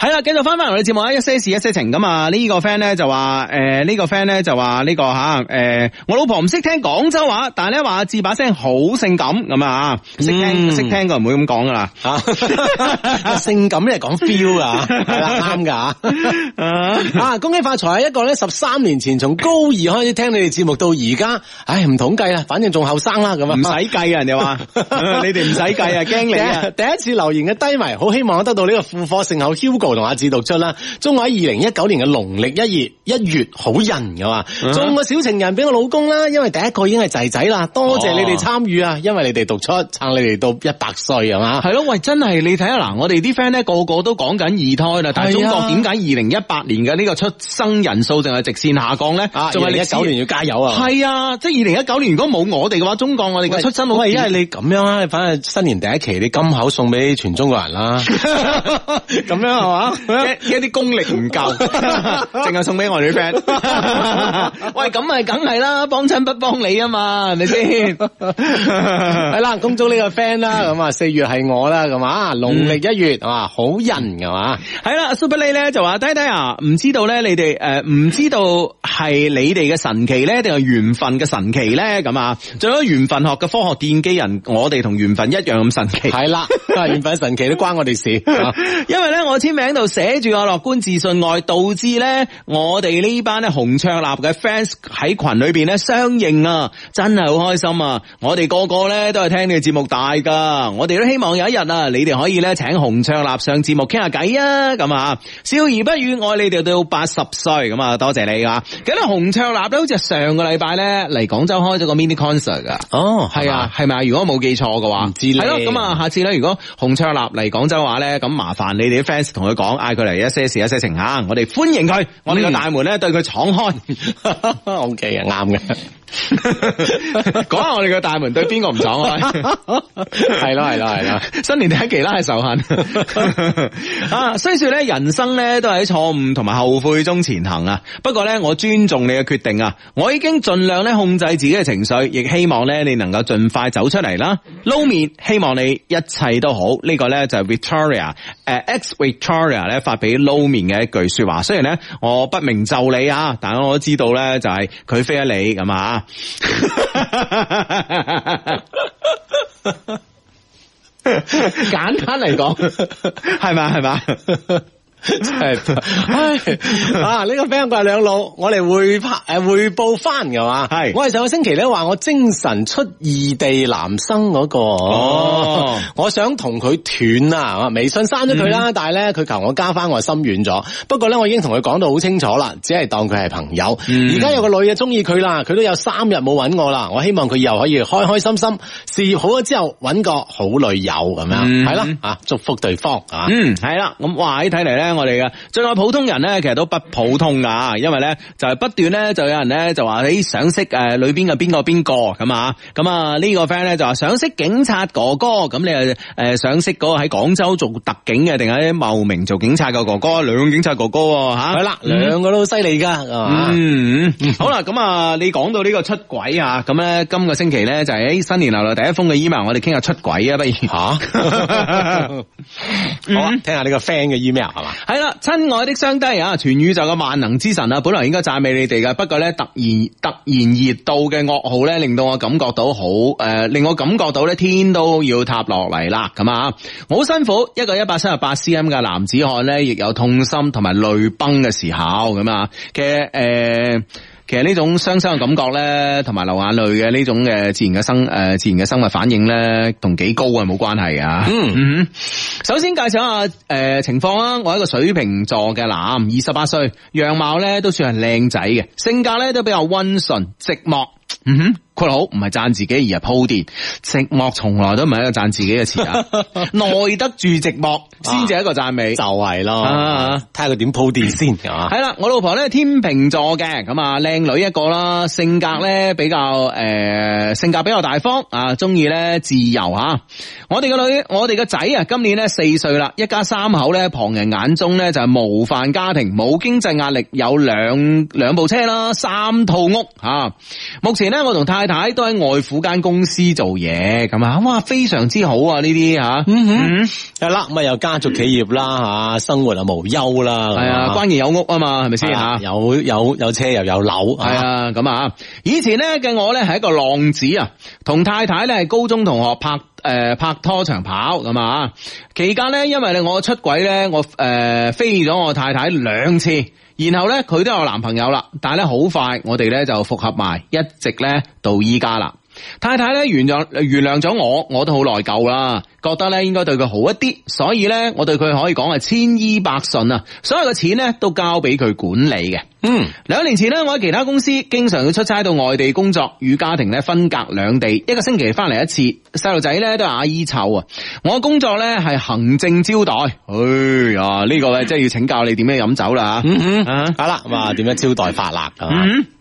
係啦，繼續翻翻嚟我哋節目啊。一些事，一些情咁、這個呃這個這個、啊。呢個 friend 咧就話，誒，呢個 friend 咧就話呢個吓，誒，我老婆唔識聽廣州話，但係咧話字把聲好性感咁啊，識、嗯嗯、聽識聽個唔會咁講噶啦，性感呢係講 feel 噶，係啦，啱噶，啊，恭喜發財一個咧，十三年前從高二開始聽你哋節目到而家，唉，唔統計啦，反正仲後生啦，咁啊，唔使計啊，人哋話， 你哋唔使計啊，驚你啊，第一次留言嘅低迷，好希望我得到呢個富貨成口 Hugo 同阿智讀出啦，中國喺二零一九年嘅農曆一月一月好人㗎嘛，送個小情人俾我老公啦，因為第一個已經係仔仔啦。多謝你哋參與啊，哦、因為你哋讀出撐你哋到一百歲係嘛？係、哦、咯，喂，真係你睇下嗱，我哋啲 friend 咧個個都講緊二胎啦，但係中國點解二零一八年嘅呢個出生人數淨係直線下降咧？仲係二零一九年要加油啊！係啊，即係二零一九年如果冇我哋嘅話，中國我哋嘅出生冇啊，因為你咁樣啊，你反正新年第一期你金口送俾全中國人啦 這樣，咁樣啊。啊、一啲功力唔夠，淨係送俾我哋啲 friend。喂，咁咪梗係啦，幫親不幫你啊嘛，係咪先？係 啦，公祖呢個 friend 啦，咁啊四月係我啦，咁啊農曆一月啊、嗯、好人噶嘛，係啦。Superly 咧就話，呆呆啊，唔知道咧，你哋誒唔知道係你哋嘅神奇咧，定係緣分嘅神奇咧？咁啊，仲有緣分學嘅科學奠基人，我哋同緣分一樣咁神奇。係啦，緣分神奇都關我哋事、 啊，因為咧我簽名。喺度寫住個樂觀自信外，導致咧我哋呢班咧洪卓立嘅 fans 喺群裏邊咧相認啊，真係好開心啊！我哋個個咧都係聽你嘅節目大噶，我哋都希望有一日啊，你哋可以咧請洪卓立上節目傾下偈啊！咁啊，笑而不語，愛你哋到八十歲咁啊，多謝你啊！記得洪卓立咧，好似係上個禮拜咧嚟廣州開咗個 mini concert 噶。哦，係啊，係咪啊？如果冇記錯嘅話，係咯。咁啊，下次咧，如果洪卓立嚟廣州話咧，咁麻煩你哋啲 fans 同佢。講嗌佢嚟《一些事一些情吓，我哋歡迎佢，我呢個大門咧對佢敞開。O K 啊，啱嘅。講下我哋個大門對邊個唔敞開？係咯係咯係咯，新年第一期啦係仇恨 啊？雖說咧，人生咧都係喺錯誤同埋後悔中前行啊。不過咧，我尊重你嘅決定啊。我已經盡量咧控制自己嘅情緒，亦希望咧你能夠盡快走出嚟啦。撈麵，希望你一切都好。這個、呢個咧就 Victoria 誒、呃、，Ex Victoria。Ex-Vitaria, 咧發俾撈麵嘅一句說話，雖然咧我不明就你啊，但係我都知道咧就係佢飛咗你咁啊， 簡單嚟講，係嘛，係嘛。 係， 啊呢、這個 friend 佢係兩老，我哋匯、呃、報誒匯報翻嘅嘛，係我係上個星期咧話我精神出異地男生嗰、那個，哦， 我想同佢斷啦，微信刪咗佢啦，但係咧佢求我加翻，我心軟咗，不過咧我已經同佢講到好清楚啦，只係當佢係朋友，而、嗯、家有個女嘅中意佢啦，佢都有三日冇揾我啦，我希望佢以後可以開開心心，事業好咗之後揾個好女友咁樣，係、嗯、咯，啊祝福對方啊，嗯係啦，咁哇，睇嚟咧。我哋嘅最愛普通人咧，其實都不普通噶，因為咧就係、是、不斷咧就有人咧就話，你、欸、想識誒、呃、裏邊嘅邊個邊個咁啊。咁啊，啊、這個、呢個 friend 咧就話想識警察哥哥，咁你誒、呃、想識嗰個喺廣州做特警嘅，定喺茂名做警察嘅哥哥？兩個警察哥哥吓、啊，係、啊、啦，兩、嗯、個都好犀利噶。嗯，好啦，咁啊，你講到呢個出軌啊，咁咧、啊、今個星期咧就係新年流流第一封嘅 email，我哋傾下出軌啊，不如吓。啊 好啊、嗯，聽下你個 friend 嘅 email 係嘛。係啦，親愛的雙低啊，全宇宙嘅萬能之神啊，本來應該讚美你哋嘅，不過呢，突然突然而到嘅噩耗呢，令到我感覺到好誒，令我感覺到呢、呃、天都要塌落嚟啦，咁啊，好辛苦一個一百三十八 cm 嘅男子漢呢，亦有痛心同埋淚崩嘅時候，咁啊嘅誒。其實呢種傷心嘅感覺咧，同埋流眼淚嘅呢種嘅自然嘅生誒、呃、自然嘅生物反應咧，同幾高啊冇關係啊。嗯，嗯，首先介紹下誒、呃、情況啦，我係一個水瓶座嘅男，二十八歲，樣貌咧都算係靚仔嘅，性格咧都比較溫順，寂寞。嗯哼。佢好唔係讚自己，而係鋪墊。寂寞從來都唔係一個讚自己嘅詞啊， 耐得住寂寞先至一個讚美，啊、就係、是、咯，睇下佢點鋪墊先、啊。係 啦，我老婆咧天平座嘅，咁啊靚女一個啦，性格咧比較誒、呃、性格比較大方啊，中意咧自由吓。我哋個女，我哋個仔啊，今年咧四歲啦，一家三口咧，旁人眼中咧就係模範家庭，冇經濟壓力，有兩兩部車啦，三套屋吓、啊。目前咧我同太太太都喺外父間公司做嘢，咁啊，哇，非常之好啊！呢啲吓，嗯哼，係、嗯、啦，咁啊，又家族企業啦，吓，生活又無憂啦，係啊，關鍵有屋啊嘛，係咪先吓？有有有車又有樓，係啊，咁啊，以前咧嘅我咧係一個浪子啊，同太太咧係高中同學拍誒拍拖長跑，咁啊，期間咧因為咧我出軌咧，我誒、呃、飛咗我太太兩次。然後呢，佢都有男朋友啦，但係呢，好快，我哋呢就復合埋，一直呢到而家啦。太太咧原諒原諒咗我，我都好內疚啦，覺得咧應該對佢好一啲，所以咧我對佢可以講係千依百順啊，所有嘅錢咧都交俾佢管理嘅。嗯，兩年前咧我喺其他公司經常要出差到外地工作，與家庭咧分隔兩地，一個星期翻嚟一次，細路仔咧都係阿姨湊啊。我工作咧係行政招待，哎呀呢個咧真係要請教你點樣飲酒啦吓。嗯嗯好啦，咁啊點樣招待法啦？嗯。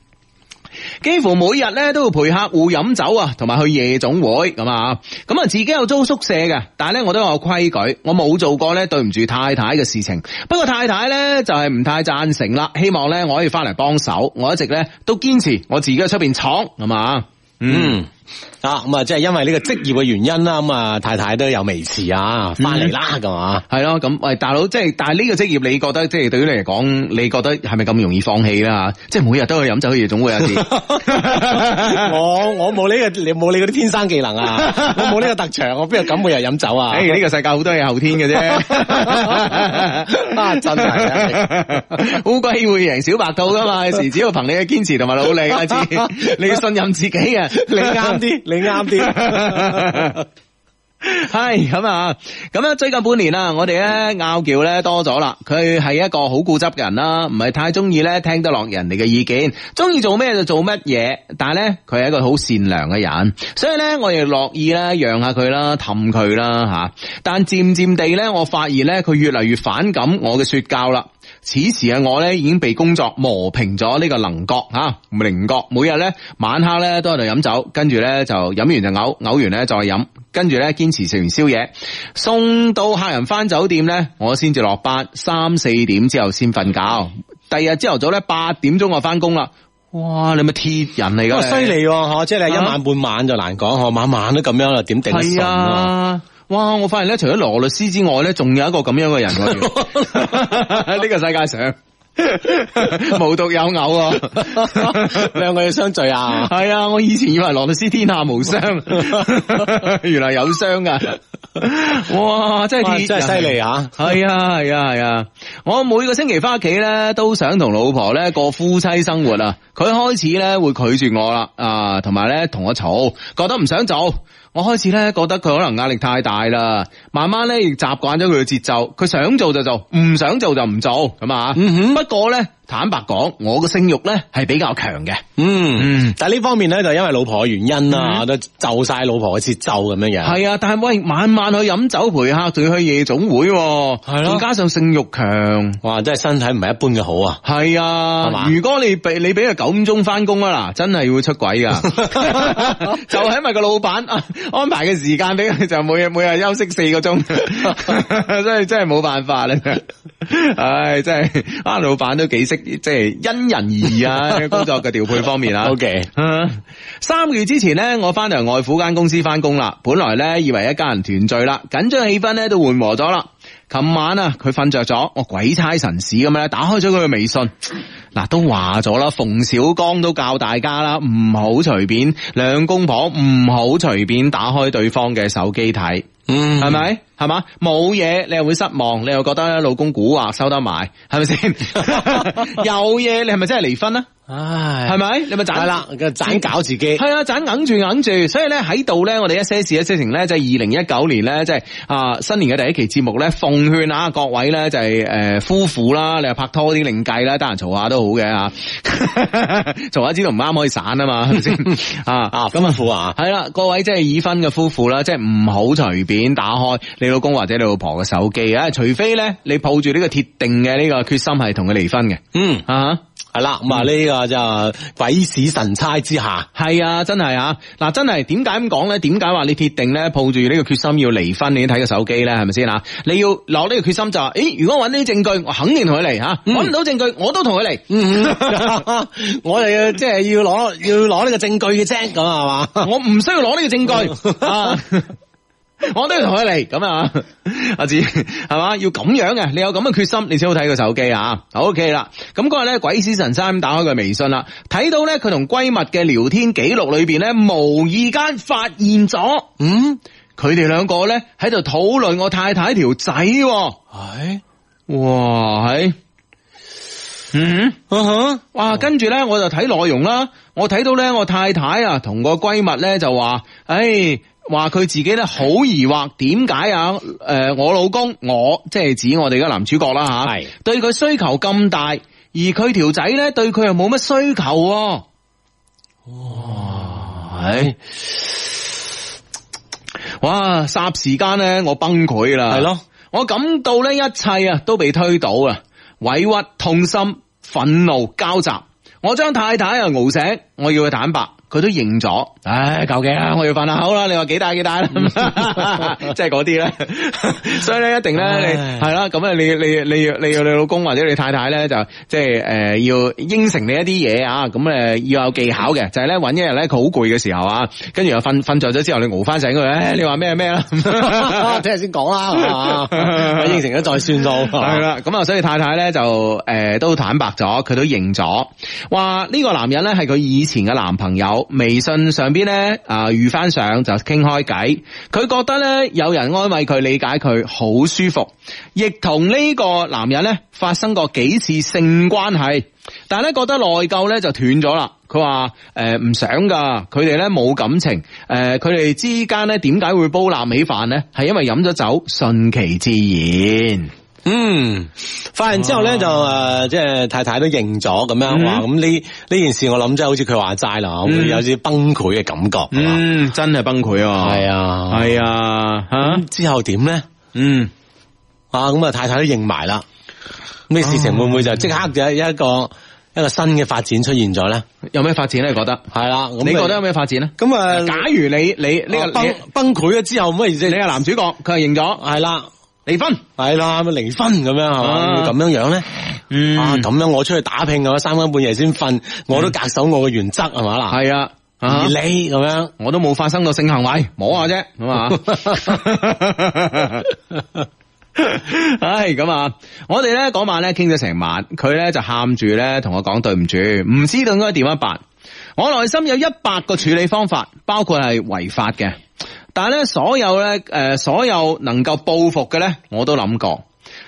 幾乎每日咧都要陪客戶飲酒啊，同埋去夜總會咁啊，咁啊自己有租宿舍嘅，但係咧我都有規矩，我冇做過咧對唔住太太嘅事情。不過太太咧就係唔太贊成啦，希望咧我可以翻嚟幫手，我一直咧都堅持我自己喺出邊闖係嘛，嗯。啊，咁啊，即係因為呢個職業嘅原因啦，咁、嗯、啊，太太都有微詞啊，翻嚟啦，咁啊，係咯，咁喂，大佬，即、就、係、是，但係呢個職業你覺得、就是對你，你覺得即係對於你嚟講，你覺得係咪咁容易放棄啦、啊？即、就、係、是、每日都去飲酒，亦總會有時。 我我冇呢個，你冇你嗰啲天生技能啊， 我冇呢個特長，我邊度咁每日飲酒啊？哎，呢個世界好多嘢後天嘅啫，啊，真係烏龜會贏小白兔噶嘛？有 時 只要憑你嘅堅持同埋努力， 你信任自己啊。你啲你啱啲，係咁啊，咁 樣最近半年啊，我哋咧拗撬咧多咗啦。佢係一個好固執嘅人啦，唔係太中意咧聽得落人哋嘅意見，中意做咩就做乜嘢。但係咧，佢係一個好善良嘅人，所以咧我亦樂意咧讓下佢啦，氹佢啦吓。但係漸漸地咧，我發現咧佢越嚟越反感我嘅說教啦。此時嘅我咧已經被工作磨平咗呢個棱角啊，棱角每日咧晚黑咧都喺度飲酒，跟住咧就飲完就嘔，嘔完咧再飲，跟住咧堅持食完宵夜，送到客人翻酒店咧，我先至落班，三四點之後先瞓覺。第二日朝頭早咧八點鐘我翻工啦。哇，你咪鐵人嚟噶，犀利喎！吓、啊，即係你一晚半晚就難講，嗬、啊，晚晚都咁樣怎麼啊？點頂啊？哇！我發現咧，除咗羅律師之外咧，仲有一個咁樣嘅人喺呢 個世界上， 無獨有偶，兩 個嘢相聚啊！係 啊，我以前以為羅律師天下無雙， 原來有雙噶， 哇！真係真係犀利啊！係啊，係啊，係啊，啊，啊！我每個星期翻屋企咧，都想同老婆咧過夫妻生活啊，佢開始咧會拒絕我啦，啊，同埋咧同我吵，覺得唔想做。我開始咧覺得佢可能壓力太大啦，慢慢咧亦習慣咗佢嘅節奏，佢想做就做，唔想做就唔做，咁啊，嗯哼，不過咧。坦白講，我個性欲咧係比較強嘅、嗯，嗯，但係呢方面咧就因為老婆嘅原因啊、嗯，都就晒老婆嘅節奏咁樣樣。係啊，但係喂，晚晚去飲酒陪客，仲要去夜總會，係咯、啊，加上性欲強，哇，真係身體唔係一般嘅好啊。係啊，如果你俾你俾佢九點鐘翻工啊啦，真係會出軌噶， 就係因為個老闆啊安排嘅時間俾佢，就每日每日休息四個鐘， 真係真係冇辦法啦。 唉，真係阿老闆都幾識。即係因人而異啊，工作嘅調配方面啦，O K，三個月之前呢，我翻嚟外父間公司翻工啦。本來呢，以為一家人團聚啦，緊張氣氛呢都緩和咗啦。琴晚啊，佢瞓著咗，我鬼差神使咁樣打開咗佢嘅微信，嗱都話咗啦，馮小剛都教大家啦，唔好隨便兩公婆唔好隨便打開對方嘅手機睇。嗯是，係咪？係嘛？冇嘢，你又會失望，你又覺得老公蠱惑收得埋，係咪先？ 有嘢，你係咪真係離婚啊？唉，係咪？你咪賺係啦，賺搞自己。係啊，賺硬住硬住。所以咧喺度咧，我哋一些事一些情咧，即係二零一九年咧，即、就、係、是、啊新年嘅第一期節目咧，奉勸啊各位咧，就係誒夫婦啦，你話拍拖啲另計啦，得閒嘈下都好嘅吓。嘈下知道唔啱可以散啊嘛，係咪先？啊啊，今日富啊，係啦，各位即係已婚嘅夫婦啦，即係唔好隨便打開你老公或者你老婆嘅手機啊，除非咧、啊、你抱住呢個鐵定嘅呢個決心係同佢離婚嘅。嗯啊，係啦，咁啊呢個。就鬼使神差之下，係啊，真係啊，嗱，真係點解咁講咧？點解話你鐵定咧抱住呢個決心要離婚？你睇個手機咧，係咪先啊？你要攞呢個決心就話，誒，如果搵呢啲證據，我肯定同佢嚟吓，搵、嗯、唔到證據，我都同佢嚟。嗯嗯、 我哋要即係要攞，要攞呢個證據嘅啫，咁啊嘛，我唔需要攞呢個證據啊。嗯 我都要同佢嚟。咁啊，阿志係嘛？要咁樣嘅，啊，你有咁嘅決心，你先好睇個手機啊！OK 啦。咁嗰日咧，鬼使神差咁打開個微信啦，睇到咧佢同閨蜜嘅聊天記錄裏邊咧，無意間發現咗，嗯，佢哋兩個咧喺度討論我太太條仔，啊，唉，hey?，哇，嗯，嗯哼，哇，跟住咧我就睇內容啦，我睇到咧我太太啊同個閨蜜咧就話，唉、哎。話佢自己咧好疑惑，點解啊？誒，我老公，我即係指我哋嘅男主角啦吓，對佢需求咁大，而佢條仔咧對佢又冇乜需求。哦、哇！係哇！霎時間咧，我崩潰啦。係咯，我感到咧一切啊都被推倒啊，委屈、痛心、憤怒交集。我將太太啊熬醒，我要去坦白。佢都認咗，唉、哎，夠鐘啦，我要瞓下好啦。你話幾大幾大啦，即係嗰啲呢。 所以咧，一定咧，你係啦。咁啊，你你你你你老公或者你太太咧，就即係誒要應承你一啲嘢啊。咁、呃、誒要有技巧嘅，就係咧搵一日咧佢好攰嘅時候啊，跟住又瞓瞓著咗之後，你熬翻醒佢、欸。你話咩咩啦？聽日先講啦，係 才 應承咗再算數。係啦，咁啊，所以太太咧就誒、呃、都坦白咗，佢都認咗，話呢個男人咧係佢以前嘅男朋友。微信上邊咧啊，遇翻相就傾開偈，佢覺得咧有人安慰佢、理解佢，好舒服。亦同呢個男人咧發生過幾次性關係，但係咧覺得內疚咧就斷咗啦。佢話誒唔想噶，佢哋咧冇感情。誒、呃，佢哋之間咧點解會煲臘味飯呢？係因為飲咗酒，順其自然。嗯，發完之後咧，啊、就誒，即、呃、係太太都認咗咁樣，話，嗯。咁呢呢件事我諗即係好似佢話齋啦，有啲崩潰嘅感覺。嗯，真係崩潰啊！係啊，係啊，吓之後點咧？嗯，啊咁啊，太太都認埋啦。咁、啊、事情會唔會就即刻就一個、啊、一個新嘅發展出現咗咧？有咩發展咧？覺得係啦，嗯，你覺得有咩發展咧？咁啊、呃，假如你你呢、啊這個崩崩潰咗之後，唔好意思，你係男主角，佢係認咗，係、嗯、啦。離婚係啦，離婚咁樣係嘛，會咁樣樣咧，啊咁樣，嗯啊、樣，我出去打拼嘅話，三更半夜先瞓，我都恪守我嘅原則，係嘛係係啊，啊而你咁樣，我都冇發生過性行為，摸下啫，係啊，唉咁、 哎、啊，我哋咧嗰晚咧傾咗成晚，佢咧就喊住咧同我講對唔住，唔知道應該點樣辦，我內心有一百個處理方法，包括係違法嘅。但係咧，所有咧，誒，所有能夠報復嘅咧，我都諗過。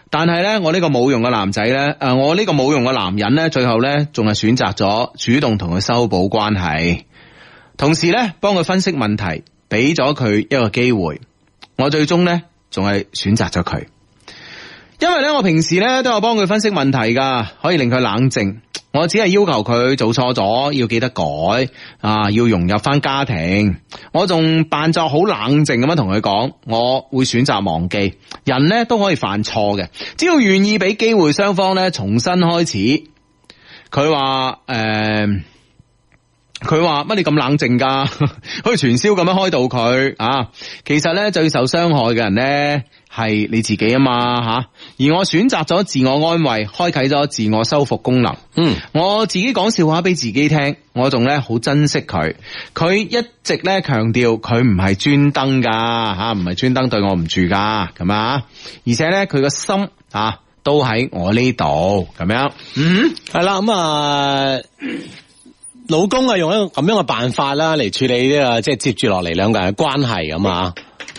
但係咧，我呢個冇用嘅男仔咧，誒，我呢個冇用嘅男人咧，最後咧，仲係選擇咗主動同佢修補關係，同時咧，幫佢分析問題，俾咗佢一個機會。我最終咧，仲係選擇咗佢。因為咧，我平時咧都有幫佢分析問題噶，可以令佢冷靜。我只係要求佢做錯咗要記得改啊，要融入翻家庭。我仲扮作好冷靜咁樣同佢講，我會選擇忘記。人呢都可以犯錯嘅，只要願意俾機會雙方咧重新開始。佢話誒，佢話乜你咁冷靜噶？好似傳銷咁樣開導佢啊？其實呢，最受傷害嘅人呢。係你自己嘛啊嘛吓，而我選擇咗自我安慰，開啟咗自我修復功能。嗯，我自己講笑話俾自己聽，我仲咧好珍惜佢。佢一直咧強調佢唔係專登噶吓，唔係專登對我唔住噶，咁、啊、嘛？而且咧佢個心、啊、都喺我呢度咁樣。嗯，係啦咁啊，老公啊用一個咁樣嘅辦法啦嚟處理、就是、呢個啊，即係接住落嚟兩個人嘅關係咁啊。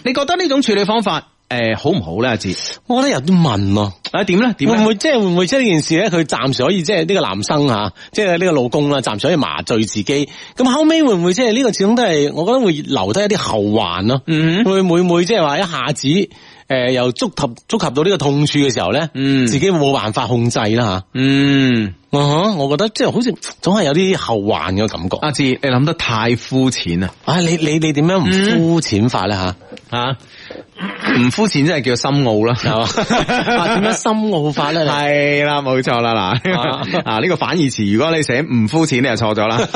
你覺得呢種處理方法？誒、欸，好唔好咧？阿、啊、志，我覺得有啲問喎、啊。啊，點咧？點會唔會即係、就是、會唔會即係呢件事咧？佢暫時可以即係呢個男生啊，即係呢個老公啦，暫時可以麻醉自己。咁後尾會唔會即係呢個始終都係？我覺得會留低一啲後患咯、啊嗯就是呃。嗯，會唔會即係話一下子誒，又觸及觸及到呢個痛處嘅時候咧？自己冇辦法控制啦、啊、吓。嗯，啊、我覺得即係、就是、好似總係有啲後患嘅感覺。阿、啊、志，你諗得太膚淺啊，你你你點樣唔膚淺法咧吓？嗯啊唔膚淺真係叫深奧啦，點 樣、啊、深奧法咧？係啦，冇錯啦，嗱啊呢、啊啊這個反義詞，如果你寫唔膚淺，你就錯咗啦。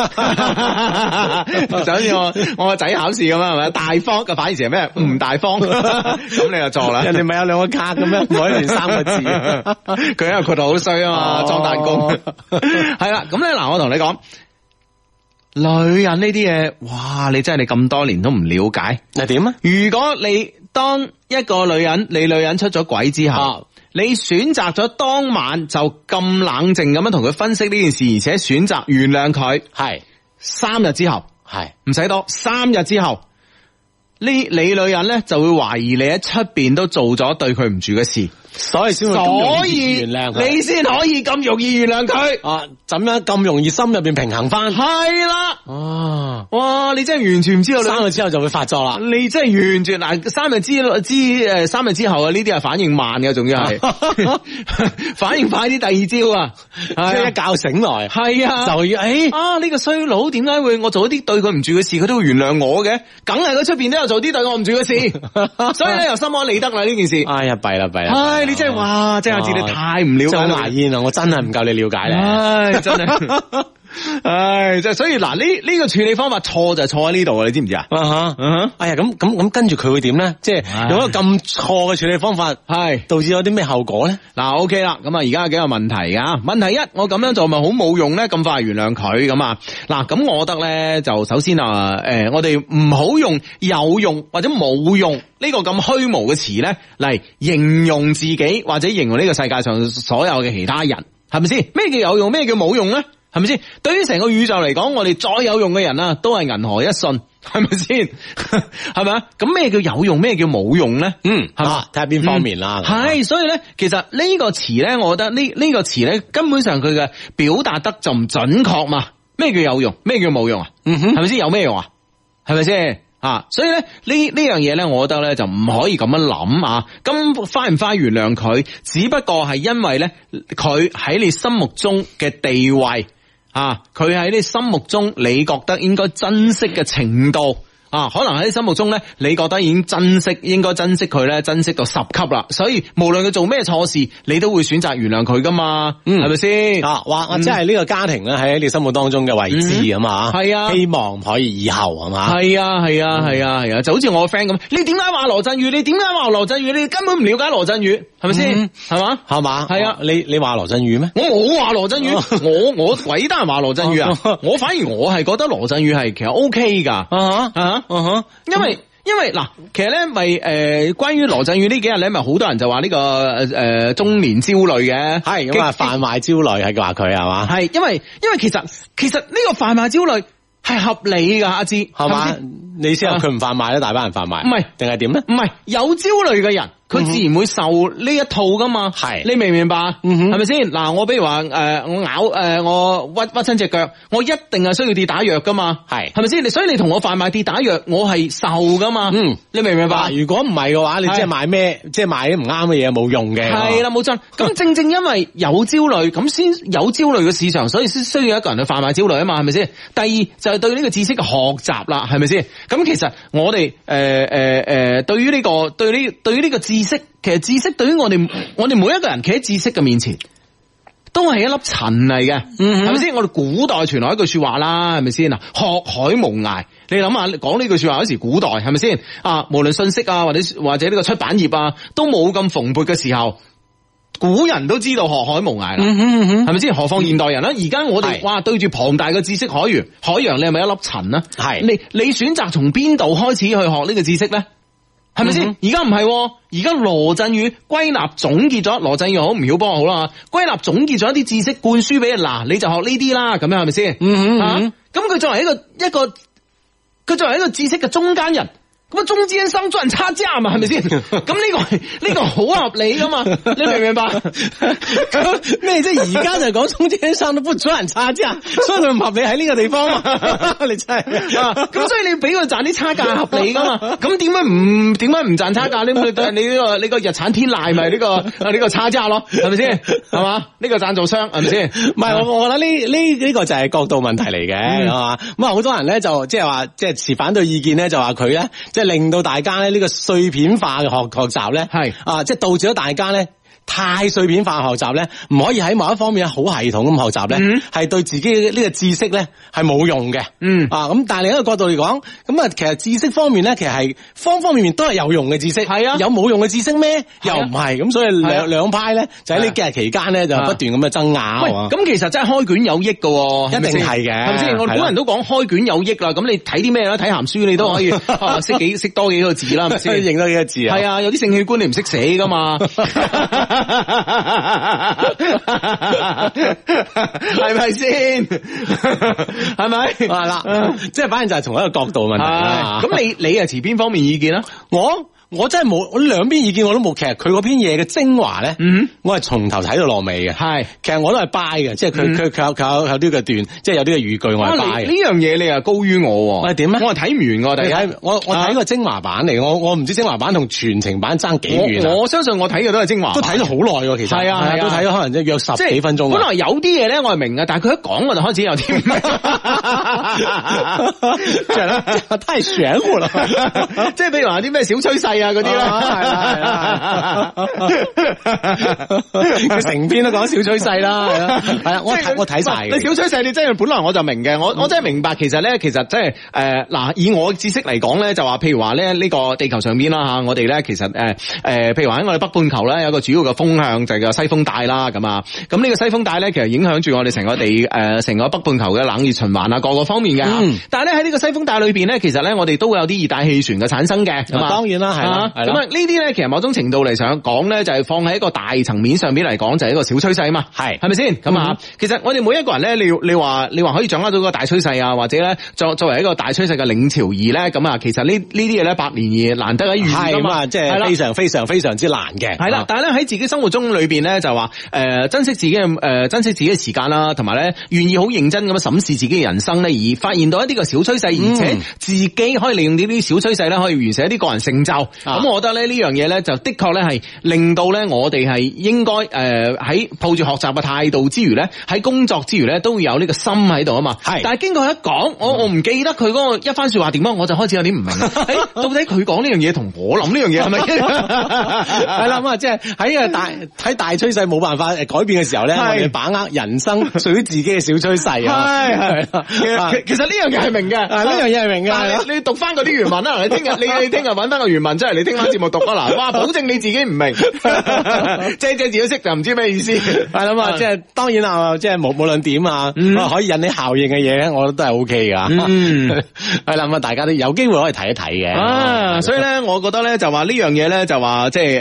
就好似我 我個仔考試咁啊，係咪？大方嘅反義詞係咩？唔大方，咁 你就錯啦。人哋咪有兩個卡嘅咩？我 連三個字，佢 因為佢度好衰啊嘛，裝彈弓。係 啦，咁咧嗱，我同你講，女人呢啲嘢，哇！你真係你咁多年都唔了解，係點啊？如果你當一個女人，你女人出咗軌之後，哦、你選擇咗當晚就咁冷靜咁樣同佢分析呢件事，而且選擇原諒佢，係三日之後，係唔使多，三日之後，呢你女人咧就會懷疑你喺出便都做咗對佢唔住嘅事。所以先會咁容易，原諒佢，你先可以咁容易原諒佢。啊，怎樣咁容易心入邊平衡翻？係啦。啊，哇！你真係完全唔知道。三日之後就會發作啦。你真係完全嗱、啊，三日之之誒，三日之後啊，呢啲係反應慢嘅，仲要係。 反應快啲，第二朝啊，即係一覺醒來。係、哎、啊，就要誒，啊呢個衰佬點解會我做一啲對佢唔住嘅事，佢都會原諒我嘅？梗係佢出邊都有做啲對我唔住嘅事， 所以咧又心安理得啦呢件事。哎呀，弊啦弊啦。哇，你真係話，即係阿志，你太唔了解了。真係牙煙啊！我真係唔夠你了解啦唉、哎，真係。 唉，就所以嗱，呢呢、這個處理方法錯就係錯喺呢度啊！你知唔知啊？啊、uh-huh, 嗯、uh-huh. 哎呀，咁咁咁跟住佢會點咧？Uh-huh. 即係用個咁錯嘅處理方法，係、uh-huh. 導致咗啲咩後果咧？嗱，OK 啦，咁啊，而家有幾樣問題噶。問題一，我咁樣做咪好冇用咧？咁快原諒佢咁啊？嗱，咁我覺得咧，就首先啊，誒、呃，我哋唔好用有用或者冇用呢、這個咁虛無嘅詞咧嚟形容自己或者形容呢個世界上所有嘅其他人，係咪先？咩叫有用？咩叫冇用咧？係咪先？對於成個宇宙嚟講，我哋再有用嘅人啊，都係銀河一瞬，係咪先？係咪啊？咁咩叫有用？咩叫冇用咧？嗯，吓睇下邊方面啦。係、嗯，所以咧，其實呢個詞咧，我覺得呢呢、呢個詞咧，根本上佢嘅表達得就唔準確嘛。咩叫有用？咩叫冇用啊？嗯哼，係咪先有咩用啊？係咪先啊？所以咧，呢呢樣嘢咧，我覺得咧就唔可以咁樣諗啊。咁翻唔翻？花花原諒佢，只不過係因為咧佢喺你心目中嘅地位。啊，佢喺你心目中，你覺得應該珍惜嘅程度。啊，可能喺心目中咧，你覺得已經珍惜，應該珍惜佢咧，珍惜到十級啦。所以無論佢做咩錯事，你都會選擇原諒佢噶嘛，嗯，係咪先？啊，哇，嗯、即係呢個家庭咧，喺你心目當中嘅位置咁嘛？係、嗯、啊，希望可以以後係嘛，係啊，係啊，係、嗯、啊，然後、啊啊啊、就好似我個 friend 咁，你點解話羅振宇？你點解話羅振宇？你根本唔了解羅振宇，係咪先？係、嗯、嘛，係嘛，係啊，你你話羅振宇咩？我冇話羅振宇，啊、我我鬼得人話羅振宇啊，啊，啊，我反而我係覺得羅振宇係其實 O K 噶嗯、uh-huh, 哼，因為因為嗱，其實咧咪誒，關於羅振宇呢幾日咧，咪好多人就話呢、這個誒誒、呃、中年焦慮嘅，係咁啊，販賣焦慮係話佢係嘛，係因為因為其實其實呢個販賣焦慮係合理噶，阿芝係嘛。你先係佢唔販賣咧、啊，大把人販賣，唔係定係點咧？唔係有焦慮嘅人，佢自然會受呢一套噶嘛。係、嗯、你明唔明白？係咪先？嗱，我比如話誒、呃呃，我咬誒，我屈屈親隻腳，我一定係需要跌打藥噶嘛。係係咪先？你所以你同我販賣跌打藥，我係受噶嘛？嗯，你明唔明白、啊？如果唔係嘅話，你即係買咩？即係買啲唔啱嘅嘢冇用嘅、啊。係啦，冇錯。咁正正因為有焦慮，咁 先有焦慮嘅市場，所以先需要一個人去販賣焦慮啊嘛？係咪先？第二就係、是、對呢個知識嘅學習啦，係咪先？咁其實我哋誒誒誒，對於呢個對呢對於呢個知識其實知識對於，對於我哋我哋每一個人企喺知識嘅面前，都係一粒塵嚟嘅，係咪先？我哋古代傳來一句說話啦，係咪先啊？學海無涯，你諗下講呢句說話嗰時，古代係咪先啊？無論信息啊，或者或者呢個出版業啊，都冇咁蓬勃嘅時候。古人都知道學海無涯啦，係咪先？何況現代人咧？而家我哋哇，對住龐大嘅知識海洋，海洋，你係咪一粒塵呢？係你你選擇從邊度開始去學呢個知識咧？係咪先？而家唔係，而家羅振宇歸納總結咗羅振宇好，吳曉波好啦，歸納總結咗一啲知識灌輸俾人，嗱你就學呢啲啦，咁樣係咪先？咁、嗯、佢、嗯啊、作為一個一個佢作為一個知識嘅中間人。咁中間商賺差價嘛，係咪先？咁呢、這個係呢、這個好合理噶嘛？你明唔明白？咩即係而家就講中間商都唔賺人差價，所以佢唔合理喺呢個地方嘛？ 你真係咁，所以你俾佢賺啲差價係合理噶嘛？咁點解唔點解唔賺差價？你咪你呢個你個日產天籟咪呢個呢個差價咯？係咪先？係嘛？呢、這個贊助商係咪先？唔係、嗯、我我覺得，呢呢呢個就係角度問題嚟嘅係嘛？咁啊，好、嗯、多人咧就即係話即係持反對意見咧，就話佢咧即係。就是令到大家咧，呢個碎片化嘅學學習咧，係啊，即係導致咗大家咧。太碎片化學習咧，唔可以喺某一方面好系統咁學習咧，係、嗯、對自己呢個知識咧係冇用嘅。嗯啊，咁但係另一個角度嚟講，咁啊，其實知識方面咧，其實係方方面面都係有用嘅知識。係啊，有冇用嘅知識咩？又唔係咁，所以兩兩、啊、派咧就喺呢幾日期間咧就不斷咁嘅爭拗。咁、啊、其實真係開卷有益噶，一定係嘅。係咪先、啊？我本人都講開卷有益啦。咁你睇啲咩咧？睇鹹書你都可以識幾識多幾個字啦。認 得幾個字係 啊，有啲性器官你唔識寫噶嘛？ 係咪先？係 咪不是？係、 啊、啦，即係反正就係、是、同一個角度問題啦。咁、 啊、你你係持邊方面意見啊？ 我。我真係冇，我兩邊意見我都冇，其實佢嗰篇嘢嘅精華咧、嗯，我係從頭睇到落尾嘅。係，其實我都係 buy 嘅，即係佢佢佢有有有呢個段，即係有呢個語句我係 buy。呢、哦、樣嘢你又高於我,、啊、我，我，我係點咧？我係睇唔完我睇我我睇個精華版嚟，我我唔知精華版同全程版爭幾遠啊！我相信我睇嘅都係精華，都睇咗好耐嘅其實。係啊，啊，都睇咗可能即係約十幾分鐘。本來有啲嘢咧我係明嘅，但係佢一講我就開始有啲 太玄乎啦， 即係譬如話啲咩小趨勢。係 啊，嗰啲啦，係啊，佢成篇都講小趨勢啦，係啊，係 啊，我我睇晒你小趨勢你真係本來我就明嘅，我我真係明白其實咧，其實即係誒嗱，以我知識嚟講咧，就話譬如話咧呢個地球上邊啦吓，我哋咧其實誒誒，譬、呃、如話喺我哋北半球咧有一個主要嘅風向就係、叫、個西風帶啦，咁啊，咁呢個西風帶咧其實影響住我哋成個地誒成、呃、個北半球嘅冷熱循環啊，各個方面嘅、嗯。但係咧喺呢個西風帶裏邊咧，其實咧我哋都會有啲熱帶氣旋嘅產生嘅。咁啊，當然啦，係。咁啊呢啲咧，其實某種程度嚟想講咧，就係放喺一個大層面上面嚟講，就係一個小趨勢啊嘛，係係咪先？咁啊、嗯，其實我哋每一個人咧，你話你話你話可以掌握到一個大趨勢啊，或者咧作作為一個大趨勢嘅領潮兒咧，咁啊，其實呢呢啲嘢咧，百年嘢難得一遇噶嘛，即係、就是、非常非常非常之難嘅。係啦，但係咧喺自己生活中裏邊咧，就話誒珍惜自己嘅誒、呃、珍惜自己嘅時間啦，同埋咧願意好認真咁審視自己嘅人生咧，而發現到一啲個小趨勢、嗯，而且自己可以利用呢啲小趨勢咧，可以完成一啲個人成就。咁、啊、我覺得咧呢樣嘢，咧就的確咧係令到咧我哋係應該誒喺抱住學習嘅態度之餘咧，喺工作之餘咧都會有呢個心喺度啊，嘛係，但係經過一講，我我唔記得佢嗰個一番說話點樣，我就開始有啲唔明、 欸。到底佢講呢樣嘢同我諗呢樣嘢係咪？係啦咁啊，即係喺呢個大喺大趨勢冇辦法改變嘅時候咧，我哋把握人生屬於 自己嘅小趨勢啊。其實呢樣嘢係明嘅，呢樣嘢係明嘅、啊啊。你你讀翻嗰啲原文啦， 你聽日你你聽日揾翻個原文你聽下節目讀啊嗱， 哇！保證你自己唔明，即係即係自己識就唔知咩意思。係啦嘛，即係當然啦即係無無論點啊，可以引起效應嘅嘢，我覺得都係 O K 噶。係係啦大家都有機會可以睇一睇嘅。所以咧，我覺得咧、OK 嗯 啊、就話、啊、呢就、就是呃呃、樣嘢咧就話即係誒誒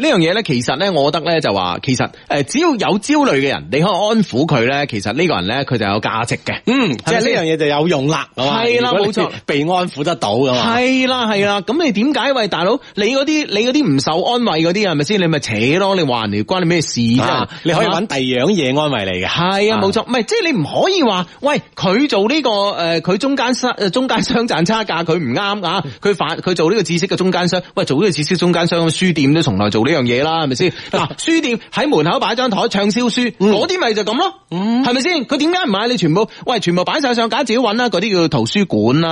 呢樣嘢咧，其實咧我覺得咧就話其實誒，只要有焦慮嘅人，你可以安撫佢咧，其實呢個人咧佢就有價值嘅。嗯，即係呢樣嘢就有用啦，係啦，冇錯，被安撫得到噶嘛？係啦係啦，咁你點解？喂，大佬，你嗰啲你嗰啲唔受安慰嗰啲係咪先？你咪扯咯，你話人哋關你咩事啊，啊？你可以揾第二樣嘢安慰你嘅。係啊，冇錯。唔、啊、係，即係你唔可以話喂，佢做呢、這個誒，佢、呃、中間商誒，中間商賺差價，佢唔啱啊！佢反佢做呢個知識嘅中間商。喂，做呢個知識中間商，書店都從來做呢樣嘢啦，係咪先？嗱， 書店喺門口擺張台暢銷書，嗰啲咪就咁咯，係咪先？佢點解唔買？你全部喂，全部擺晒上架自己揾啦。嗰啲叫圖書館啦、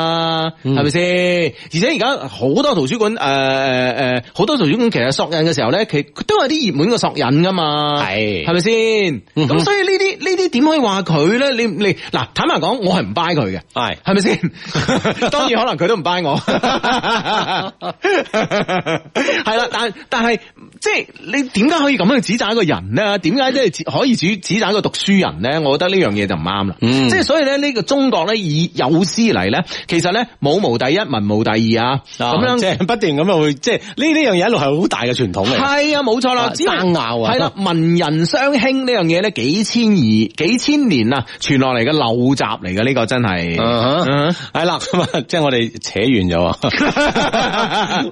啊，係咪先？而且而家好多圖書館。誒誒誒，好、呃、多做咁其實索引嘅時候咧，佢都係啲熱門嘅索引噶嘛，係係咪先？咁、嗯、所以呢啲呢啲點可以話佢咧？你你嗱坦白講，我係唔 buy 佢嘅，係係咪先？是是 當然可能佢都唔 buy 我，係 啦。 但係但係即係你點解可以咁樣指責一個人咧？點解即係可以指指責一個讀書人咧？我覺得呢樣嘢就唔啱啦。即係所以咧，呢、就是這個中國咧以有師嚟咧，其實咧武無，無第一，文無，無第二啊，咁、嗯、樣、就是咁又會即係呢？呢樣嘢一路係好大嘅傳統嘅，係啊，冇錯啦，爭拗係啦，文人相輕呢樣嘢咧，幾千而幾千年啊，傳落嚟嘅陋習嚟嘅呢個真係，係啦，即係我哋扯完咗，啊。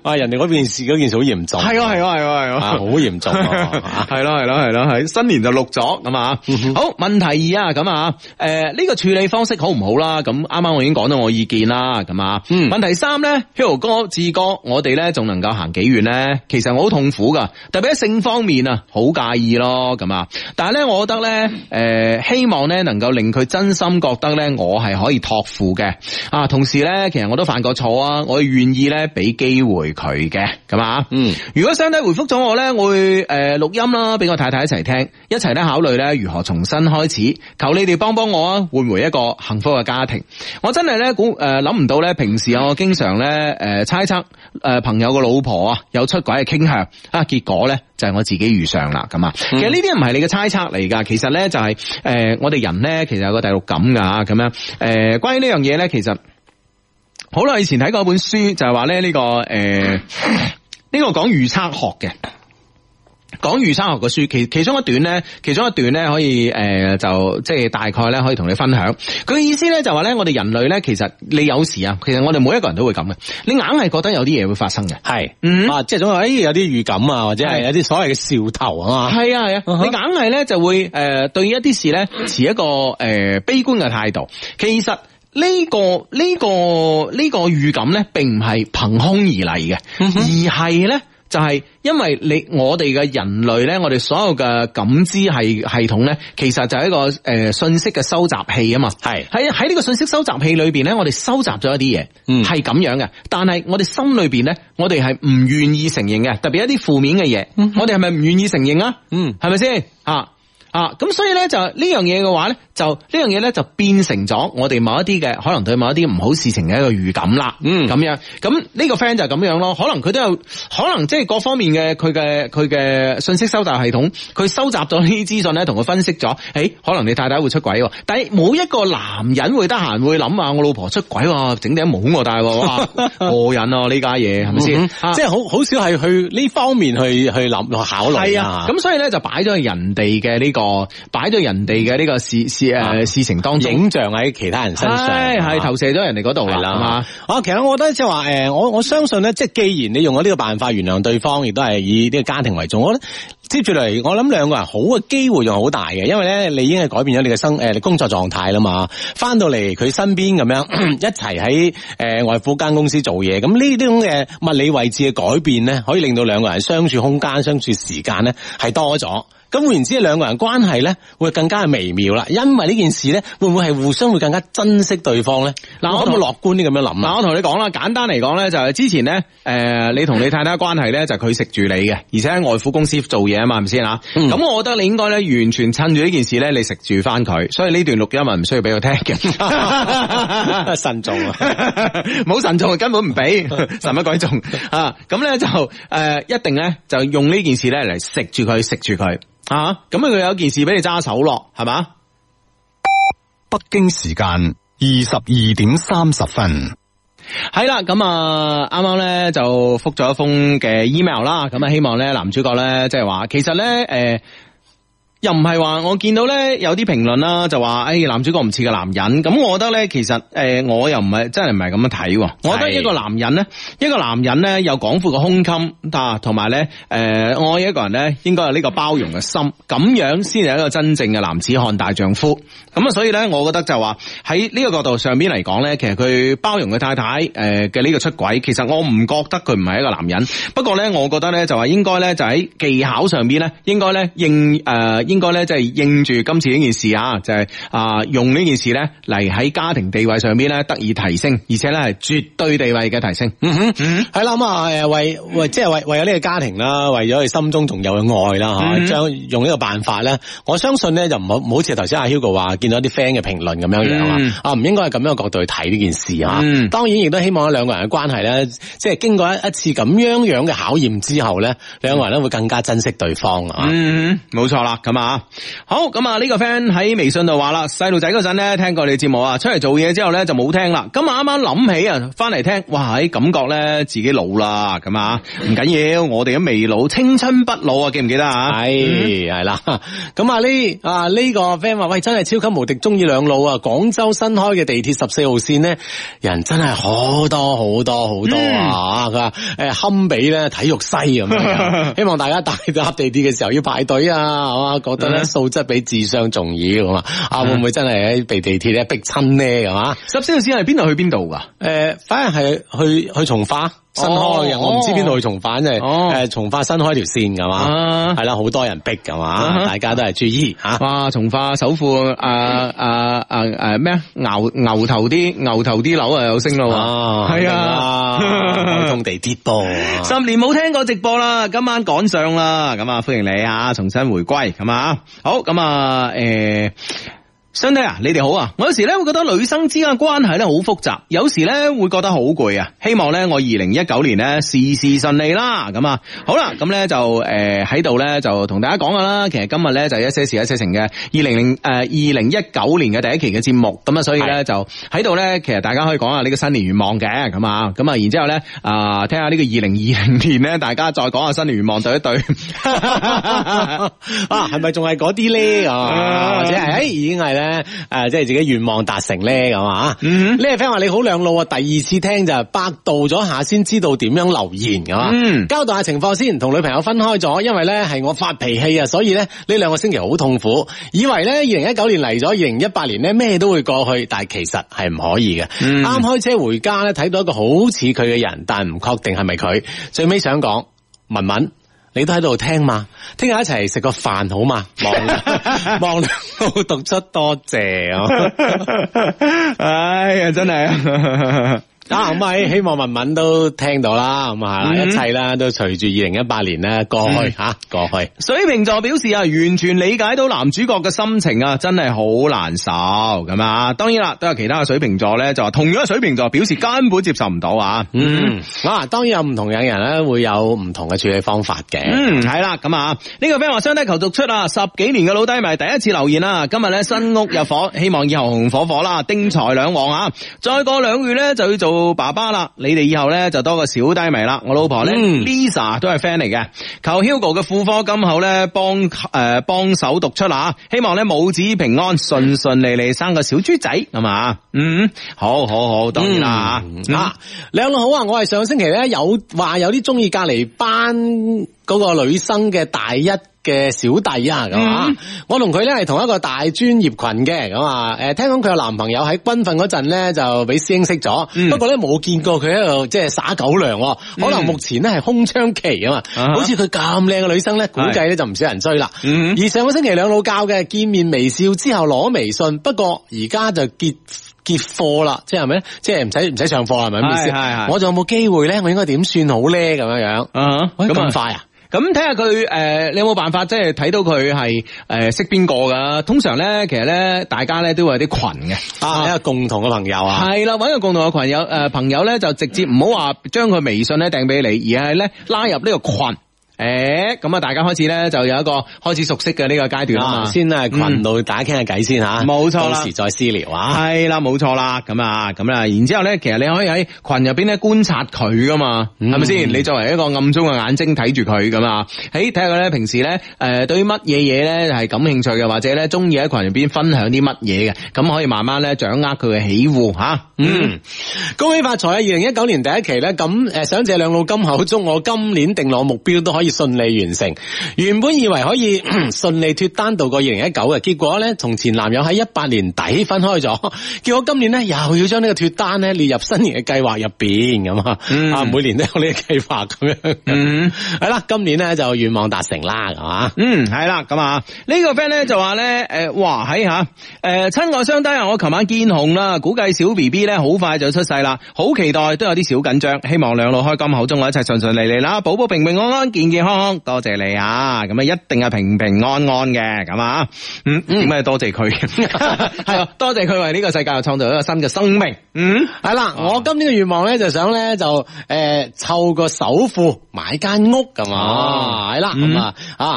啊 人哋嗰邊事嗰件事好嚴重，係啊，係啊，係啊，係啊，好、啊、嚴重，係 咯、 啊，係咯、啊，係咯、啊，係、啊啊啊、新年就錄咗咁啊， 好，問題二啊，咁啊，誒、呃，呢、這個處理方式好唔好啦？咁啱啱我已經講到我意見啦，咁啊、嗯，問題三咧，hero 哥志哥我。我哋咧仲能夠行幾遠呢？其實我好痛苦噶，特別喺性方面啊，好介意咯咁啊。但係咧，我覺得咧，誒、呃，希望咧能夠令佢真心覺得咧，我係可以託付嘅啊。同時咧，其實我都犯過錯啊，我願意咧俾機會佢嘅，係啊，嗯。如果相弟回覆咗我咧，我會誒錄音啦，俾個太太一齊聽，一齊咧考慮咧如何重新開始。求你哋幫幫我啊，換回一個幸福嘅家庭。我真係咧估誒諗唔到咧，平時我經常咧誒猜測。誒，朋友個老婆啊，有出軌嘅傾向啊，結果咧就係我自己遇上啦，咁啊，其實呢啲唔係你嘅猜測嚟噶，其實咧就係、是、誒，我哋人咧其實有個第六感噶，咁樣誒，關於呢樣嘢咧，其實好耐以前睇過一本書，就係話咧呢個誒呢、呃這個講預測學嘅。講預生學嘅書，其其中一段咧，其中一段咧可以誒、呃，就即係大概咧可以同你分享。佢嘅意思咧就話咧，我哋人類咧，其實你有時啊，其實我哋每一個人都會咁嘅，你硬係覺得有啲嘢會發生嘅，係、嗯，啊，即係總係有啲預感啊，或者係有啲所謂嘅兆頭啊嘛，係啊係啊，啊 uh-huh. 你硬係咧就會誒對一啲事咧持一個誒、呃、悲觀嘅態度。其實呢、呢個呢、呢個呢、呢個預感咧，並唔係憑空而嚟嘅，uh-huh. 而係咧。就係、是、因為你我哋嘅人類咧，我哋所有嘅感知係系統咧，其實就係一個誒、呃、信息嘅收集器啊嘛。係喺喺呢個信息收集器裏邊咧，我哋收集咗一啲嘢，係、嗯、咁樣嘅。但係我哋心裏邊咧，我哋係唔願意承認嘅，特別一啲負面嘅嘢、嗯。我哋係咪唔願意承認啊？嗯，係咪先啊？啊，咁所以咧就呢樣嘢嘅話咧，就，樣就樣呢樣嘢咧就變成咗我哋某一啲嘅可能對某一啲唔好事情嘅一個預感啦。嗯，咁樣，咁呢個 friend 就咁樣咯，可能佢都有，可能即係各方面嘅佢嘅佢嘅信息收集系統，佢收集咗呢啲資訊咧，同佢分析咗，誒、哎，可能你太太會出軌，但係冇一個男人會得閒會諗啊，我老婆出軌，啊，整頂帽我戴，吓，過 癮啊呢家嘢係咪先？即係好好少係去呢方面去去諗考慮係啊。咁、啊、所以咧就擺咗喺人哋嘅呢個。個擺咗人哋嘅呢個事事誒事情當中，啊、影像喺其他人身上，係投射咗人哋嗰度啦，係啊！其實我覺得即係話誒，我我相信咧，即係既然你用咗呢個辦法原諒對方，亦都係以呢個家庭為重。我諗接住嚟，我諗兩個人好嘅機會又好大嘅，因為咧你已經係改變咗你嘅生誒工作狀態啦嘛。翻到嚟佢身邊咁樣一齊喺誒外父間公司做嘢，咁呢啲咁嘅物理位置嘅改變咧，可以令到兩個人相處空間、相處時間咧係多咗。咁換言之，兩個人關係咧會更加係微妙啦，因為呢件事咧會唔會係互相會更加珍惜對方咧？嗱，我有冇樂觀啲咁樣諗？嗱，我同你講啦，簡單嚟講咧就係、是、之前咧，誒、呃，你同你太太關係咧就係佢食住你嘅，而且喺外父公司做嘢啊嘛，係咪先吓？咁、嗯、我覺得你應該咧完全趁住呢件事咧，你食住翻佢，所以呢段錄音啊唔需要俾我聽嘅，慎 重、啊，冇 慎重，根本唔俾，神乜鬼重啊！咁咧就誒、呃，一定咧就用呢件事咧嚟食住佢，食住佢。啊，咁啊，佢有件事俾你揸手咯，係嘛？北京時間二十二點三十分，係啦，咁啊，啱啱咧就覆咗一封嘅 email 啦，咁啊，希望咧男主角咧即係話，其實咧誒。呃又唔係話我見到呢，有啲評論啦，就話誒、哎、男主角唔似個男人，咁我覺得呢，其實誒、呃、我又唔係真係唔係咁樣睇，我覺得一個男人呢，一個男人呢，有廣闊嘅胸襟啊，同埋呢，誒、呃、我一個人呢，應該有呢個包容嘅心，咁樣先係一個真正嘅男子漢大丈夫。咁啊，所以呢，我覺得就話喺呢個角度上面嚟講呢，其實佢包容佢太太誒嘅呢個出軌，其實我唔覺得佢唔係一個男人。不過呢，我覺得呢，就話應該呢，就喺技巧上邊呢，應該呢，應誒。呃應該咧就係應住今次呢件事啊，就係啊用呢件事咧嚟喺家庭地位上邊咧得以提升，而且咧係絕對地位嘅提升。係、嗯、啦，咁啊誒為為即係為為咗呢個家庭啦，為咗佢心中仲有愛啦吓，將、嗯、用呢個辦法咧，我相信咧就唔好好似頭先阿 Hugo 話見到啲 friend 嘅評論咁樣、嗯、樣啊，啊唔應該係咁樣角度去睇呢件事啊、嗯。當然亦都希望咧兩個人嘅關係咧，即係經過一一次咁樣樣嘅考驗之後咧，兩個人咧會更加珍惜對方啊。冇錯啦，咁啊，好咁啊！呢個 friend 喺微信度話啦，細路仔嗰陣咧聽過你節目啊，出嚟做嘢之後咧就冇聽啦。咁啊啱啱諗起啊，翻嚟聽，哇！喺感覺咧自己老啦，咁啊唔緊要，我哋都未老，青春不老啊！記唔記得啊？係係啦，咁啊呢啊呢個 friend 話喂，真係超級無敵中意兩路啊！廣州新開嘅地鐵十四號線呢，人真係好多好多好多啊！佢話誒堪比咧體育西咁、啊， 希望大家大搭地鐵嘅時候要排隊啊，係嘛？我覺得咧，素質比智商重要咁啊，啊會唔會真係喺被地鐵咧逼親咧係嘛？十四號線係邊度去邊度噶？誒、呃，反而係去去從化。新開嘅、哦，我唔知邊度去重返。即係誒從化新開條線，㗎、啊、嘛，係啦，好多人逼，㗎、啊、嘛，大家都係注意吓、啊啊。哇，從化首富，誒誒誒誒咩牛牛頭啲牛頭啲樓啊，有升咯，係啊，開、啊、 通地鐵多，十年冇聽過直播啦，今晚趕上啦，咁啊，歡迎你啊，重新回歸，咁啊，好，咁啊，誒、欸。兄弟啊，你哋好啊！我有時咧會覺得女生之間關係咧好複雜，有時咧會覺得好攰啊！希望咧我二零一九年咧事事順利啦！咁啊，好啦，咁咧就誒喺度咧就同大家講下啦。其實今日咧就係一些事一些情嘅二零零誒二零一九年嘅第一期嘅節目，咁啊，所以咧就喺度咧，其實大家可以講下呢個新年願望嘅咁啊，咁啊，然之後咧啊、呃、聽下呢個二零二零年咧大家再講下新年願望對一對 啊係咪仲係嗰啲咧啊，啊或者係誒、哎、已經係啦。誒、呃，即係自己願望達成咧咁啊！呢位 friend 話你好兩路啊，第二次聽就百度咗下先知道點樣留言，嗯、mm-hmm. 交代下情況先。同女朋友分開咗，因為咧係我發脾氣啊，所以咧呢兩個星期好痛苦。以為咧二零一九年嚟咗，二零一八年咧咩都會過去，但係其實係唔可以嘅。啱、mm-hmm. 開車回家咧，睇到一個好似佢嘅人，但唔確定係咪佢。最尾想講文文。問問你都喺度聽嘛？聽日一齊食個飯好嗎？望望到讀出，多謝啊！ 哎呀，真係 啊唔係，希望雯雯都聽到啦，咁啊，一切啦都隨住二零一八年呢過去吓、嗯啊，過去。水瓶座表示啊，完全理解到男主角嘅心情啊，真係好難受咁啊。當然啦，都有其他嘅水瓶座咧，就話同樣嘅水瓶座表示根本接受唔到啊。嗯，啊，當然有唔同樣嘅人咧，會有唔同嘅處理方法嘅。嗯，係啦，咁啊，呢個 friend 話雙低求續出啊，十幾年嘅老低咪第一次留言啦。今日咧新屋入伙，希望以後紅紅火火啦，丁財兩旺啊。再過兩月咧就要做。爸爸啦，你哋以後咧就多個小低迷啦。我老婆咧、嗯、，Lisa 都係 friend 嚟嘅。求 Hugo 嘅婦科金口咧幫誒幫手讀出啦、啊，希望咧母子平安，順順利利生個小豬仔咁、嗯嗯、啊！嗯，好好好，當然啦吓。啊，靚好啊！我係上星期咧有話有啲中意隔籬班。嗰、那個女生嘅大一嘅小弟啊，咁啊、嗯，我同佢咧係同一個大專業群嘅咁啊。誒，聽講佢有男朋友喺軍訓嗰陣咧，就俾師兄識咗、嗯。不過咧冇見過佢喺度即係撒狗糧、嗯，可能目前咧係空窗期啊嘛。好似佢咁靚嘅女生咧，估計咧就唔少人追啦、嗯。而上個星期兩老教嘅見面微笑之後攞微信，不過而家就結結課啦，即係係咪？即係唔使唔使上課係咪咁意思？我仲有冇機會咧？我應該點算好咧？咁、啊、樣樣咁咁快啊！咁睇下佢，誒，你有冇辦法，即係睇到佢係誒識邊個噶？通常咧，其實咧，大家咧都會有啲群嘅，啊，共同朋友啊，一個共同嘅朋友啊，係啦，搵個共同嘅群友，誒，朋友咧就直接唔好話將佢微信咧掟俾你，而係咧拉入呢個群。誒、欸，咁啊,大家開始咧就有一個開始熟悉嘅呢個階段啊。先喺群度、嗯、打下傾下偈先吓，冇錯啦。到時再私聊啊。係、嗯、啦，冇錯啦。咁啊，咁啦。然之後咧，其實你可以喺群入邊咧觀察佢噶嘛，係咪先？你作為一個暗中嘅眼睛睇住佢咁啊，喺睇下佢咧平時咧誒，對於乜嘢嘢咧係感興趣嘅，或者咧中意喺群入邊分享啲乜嘢嘅，咁可以慢慢咧掌握佢嘅喜惡吓。恭喜發財啊！二零一九年第一期咧，咁誒、呃，想借兩老金口祝我今年定落目標都可以順利完成，原本以為可以順利脫單度過二零一九嘅。結果咧從前男友喺一八年底分開咗，結果今年咧又要將呢個脫單咧列入新年嘅計劃入邊咁、嗯、啊，啊每年都有呢個計劃咁樣，係、嗯、啦，今年咧就願望達成啦，係、嗯、嘛，嗯係啦，咁啊呢個 friend 咧就話咧誒哇喺吓誒親我雙低啊，這個呃哎呀呃、我琴晚見紅啦，估計小 B B 咧好快就出世啦，好期待，都有啲小緊張，希望兩路開金口中，終我一齊順順利利啦，寶寶平平安安健健見見康，康多謝你啊！咁啊，一定係平平安安嘅咁啊。嗯，咁、嗯、多謝佢，係啊， 多謝佢為呢個世界創造一個新嘅生命。嗯，係啦，啊、我今年嘅願望咧，就想咧就誒湊、呃、個首付買間屋咁啊。係啦，嗯、啊，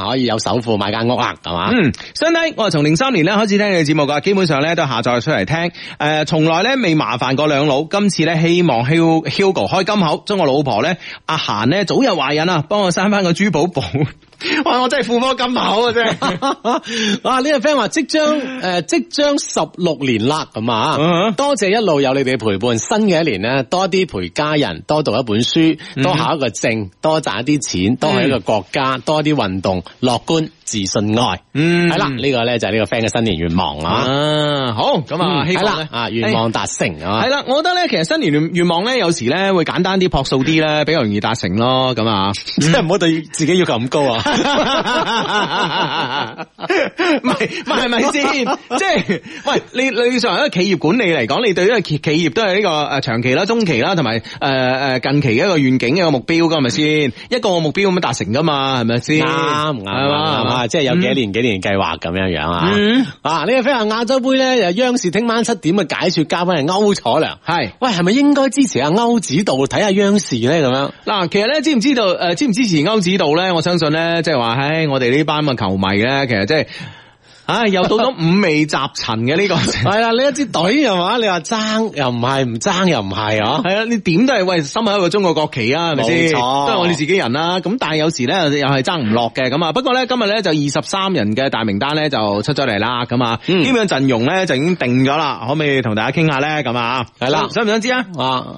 可以有首付買間屋啊，係啊，嗯，兄弟，我係從零三年咧開始聽你嘅節目噶，基本上咧都下載出嚟聽。誒、呃，從來咧未麻煩過兩老，今次咧希望 Hil, Hugo 開 Hugo 開金口，將我老婆咧阿嫻咧早日懷孕啊，幫我生翻。個珠寶寶，哇！我真係父母咁好啊！啫。係，呢個 friend 話即將誒，即將十六年啦，咁啊，多謝一路有你哋陪伴。新嘅一年呢，多啲陪家人，多讀一本書，多考一個證，多賺一啲錢，多去一個國家，多啲運動，樂觀。自信愛，嗯係啦，呢、這個咧就係呢個 friend 嘅新年願望啊！啊好咁啊、嗯，希望，啊，願望達成啊！係啦，我覺得咧，其實新年願望咧，有時咧會簡單啲、樸素啲咧，比較容易達成咯。咁啊，即係唔好對自己要求咁高啊！唔係唔係，係咪先？即係喂，你你作為一個企業管理嚟講，你對於企企業都係呢、這個誒、呃、長期啦、中期啦，同埋誒誒近期嘅一個願景、一個目標噶，係咪先？ 一個目標咁樣達成噶嘛，係咪先？啱啱啊！即係有幾年、嗯、幾年計劃咁樣樣、嗯、啊！啊呢個非行亞洲杯咧，又央視聽晚七點嘅解說嘉賓係歐楚良係喂，係咪應該支持阿、啊、歐指導睇下央視咧咁樣？嗱、啊，其實咧知唔知道誒，支、呃、唔支持歐指導咧？我相信咧，即係話，喺我哋呢班球迷咧，其實即、就、係、是。啊，又到咗五味雜陳嘅呢個，係啦，你一支隊又話你你話爭又唔係，唔爭又唔係，嗬？係啊， 你點都係喂，心係一個中國國旗啊，係咪先？冇錯，都係我哋自己人啦，啊。咁但係有時咧，又係爭唔落嘅咁啊。不過咧，今日咧就二十三人嘅大名單咧就出咗嚟，啦，咁啊，嗯、陣容基本陣容咧就已經定咗啦。可唔可以同大家傾下咧？咁、嗯、啊，係、啊、啦，想唔想知啊？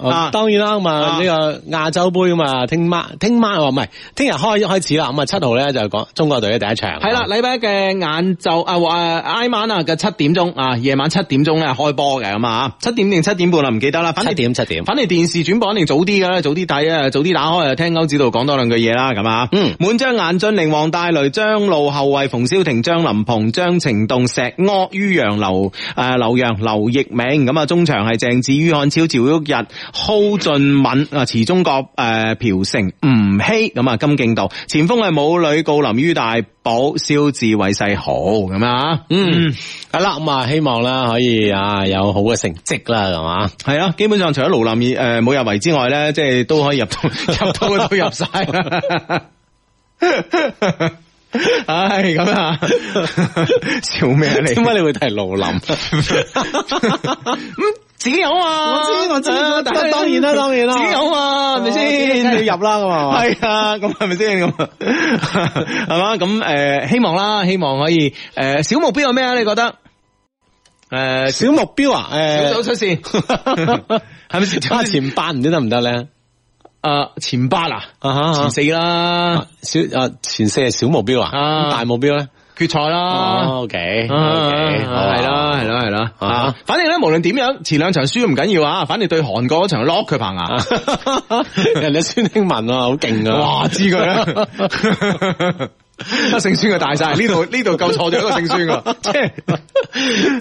啊，當然啦。咁啊，呢、這個亞洲杯咁啊，聽晚，聽晚我唔係，聽日開開始啦。咁啊，七號咧就講、是、中國隊嘅第一場。係啦，禮拜嘅晏晝啊。就、呃、誒，挨晚啊嘅七點鐘啊，夜晚七點鐘咧開波嘅咁啊，七點定七點半啦，唔記得啦，七點七點，反正電視轉播一定早啲嘅啦，早啲睇啊，早啲打開啊，聽歐指導講多兩句嘢啦，咁啊，嗯，滿張眼俊、寧王、大雷、張路、後衛馮瀟霆、張林鵬、張呈棟、石柯、于洋、劉誒劉洋、劉奕鳴，咁啊，中場係鄭智、潮潮于漢超、趙旭日、蒿俊閔、啊、呃，池忠國誒、朴、呃、成、吳曦，咁啊金敬道，前鋒係武磊、郜林、于大寶、肖智、韋世豪，咁啊、嗯，嗯，好啦，咁啊，希望啦可以啊有好嘅成績啦，係、嗯、嘛，係啊，基本上除咗盧林誒冇、呃、入圍之外咧，即係都可以入到入到的都入晒，唉、 啊，咁啊，笑咩，你點解、啊、你會提盧林？ 自己有啊，我知道我知道，當然啦當然啦，自己有啊，咪先、啊、你入啦咁 啊，係啊，咁係咪先咁，係嘛，咁誒希望啦，希望可以誒、呃、小目標有咩啊？你覺得誒、呃、小目標啊，小、呃、小組出線係咪先？ 係咪前八唔 知得唔得咧？前八啊，前四啦、啊啊，小、呃、前四係小目標啊，啊大目標咧。決賽啦，OK，OK，係啦，係啦，係啦，啊！反正咧，無論點樣，前兩場輸都唔緊要啊，反正對韓國嗰場 lock 佢棚牙，人哋孫興文啊，好勁啊！哇，知佢 姓孫嘅大晒，呢度呢度夠坐咗一個姓孫啊，即係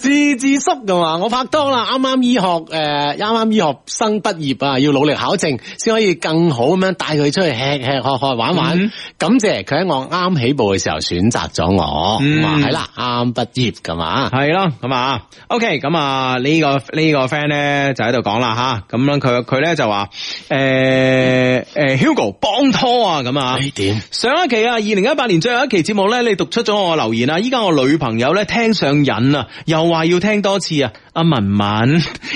志志叔㗎嘛。我拍拖啦，啱啱醫學誒，啱、呃、啱醫學生畢業啊，要努力考證，先可以更好咁樣帶佢出去吃吃喝喝玩玩、嗯。感謝佢喺我啱起步嘅時候選擇咗我，係、嗯、啦，啱畢業嘅嘛，係咯，咁、OK，這個這個、啊，OK，咁啊呢個呢個 friend 咧就喺度講啦吓，咁樣佢佢咧就話誒誒 Hugo 幫拖啊咁啊，點上一期啊，二零一八年。最後一期節目咧，你讀出咗我留言啊。依家我女朋友咧聽上癮啊，又話要聽多次啊！阿文文，二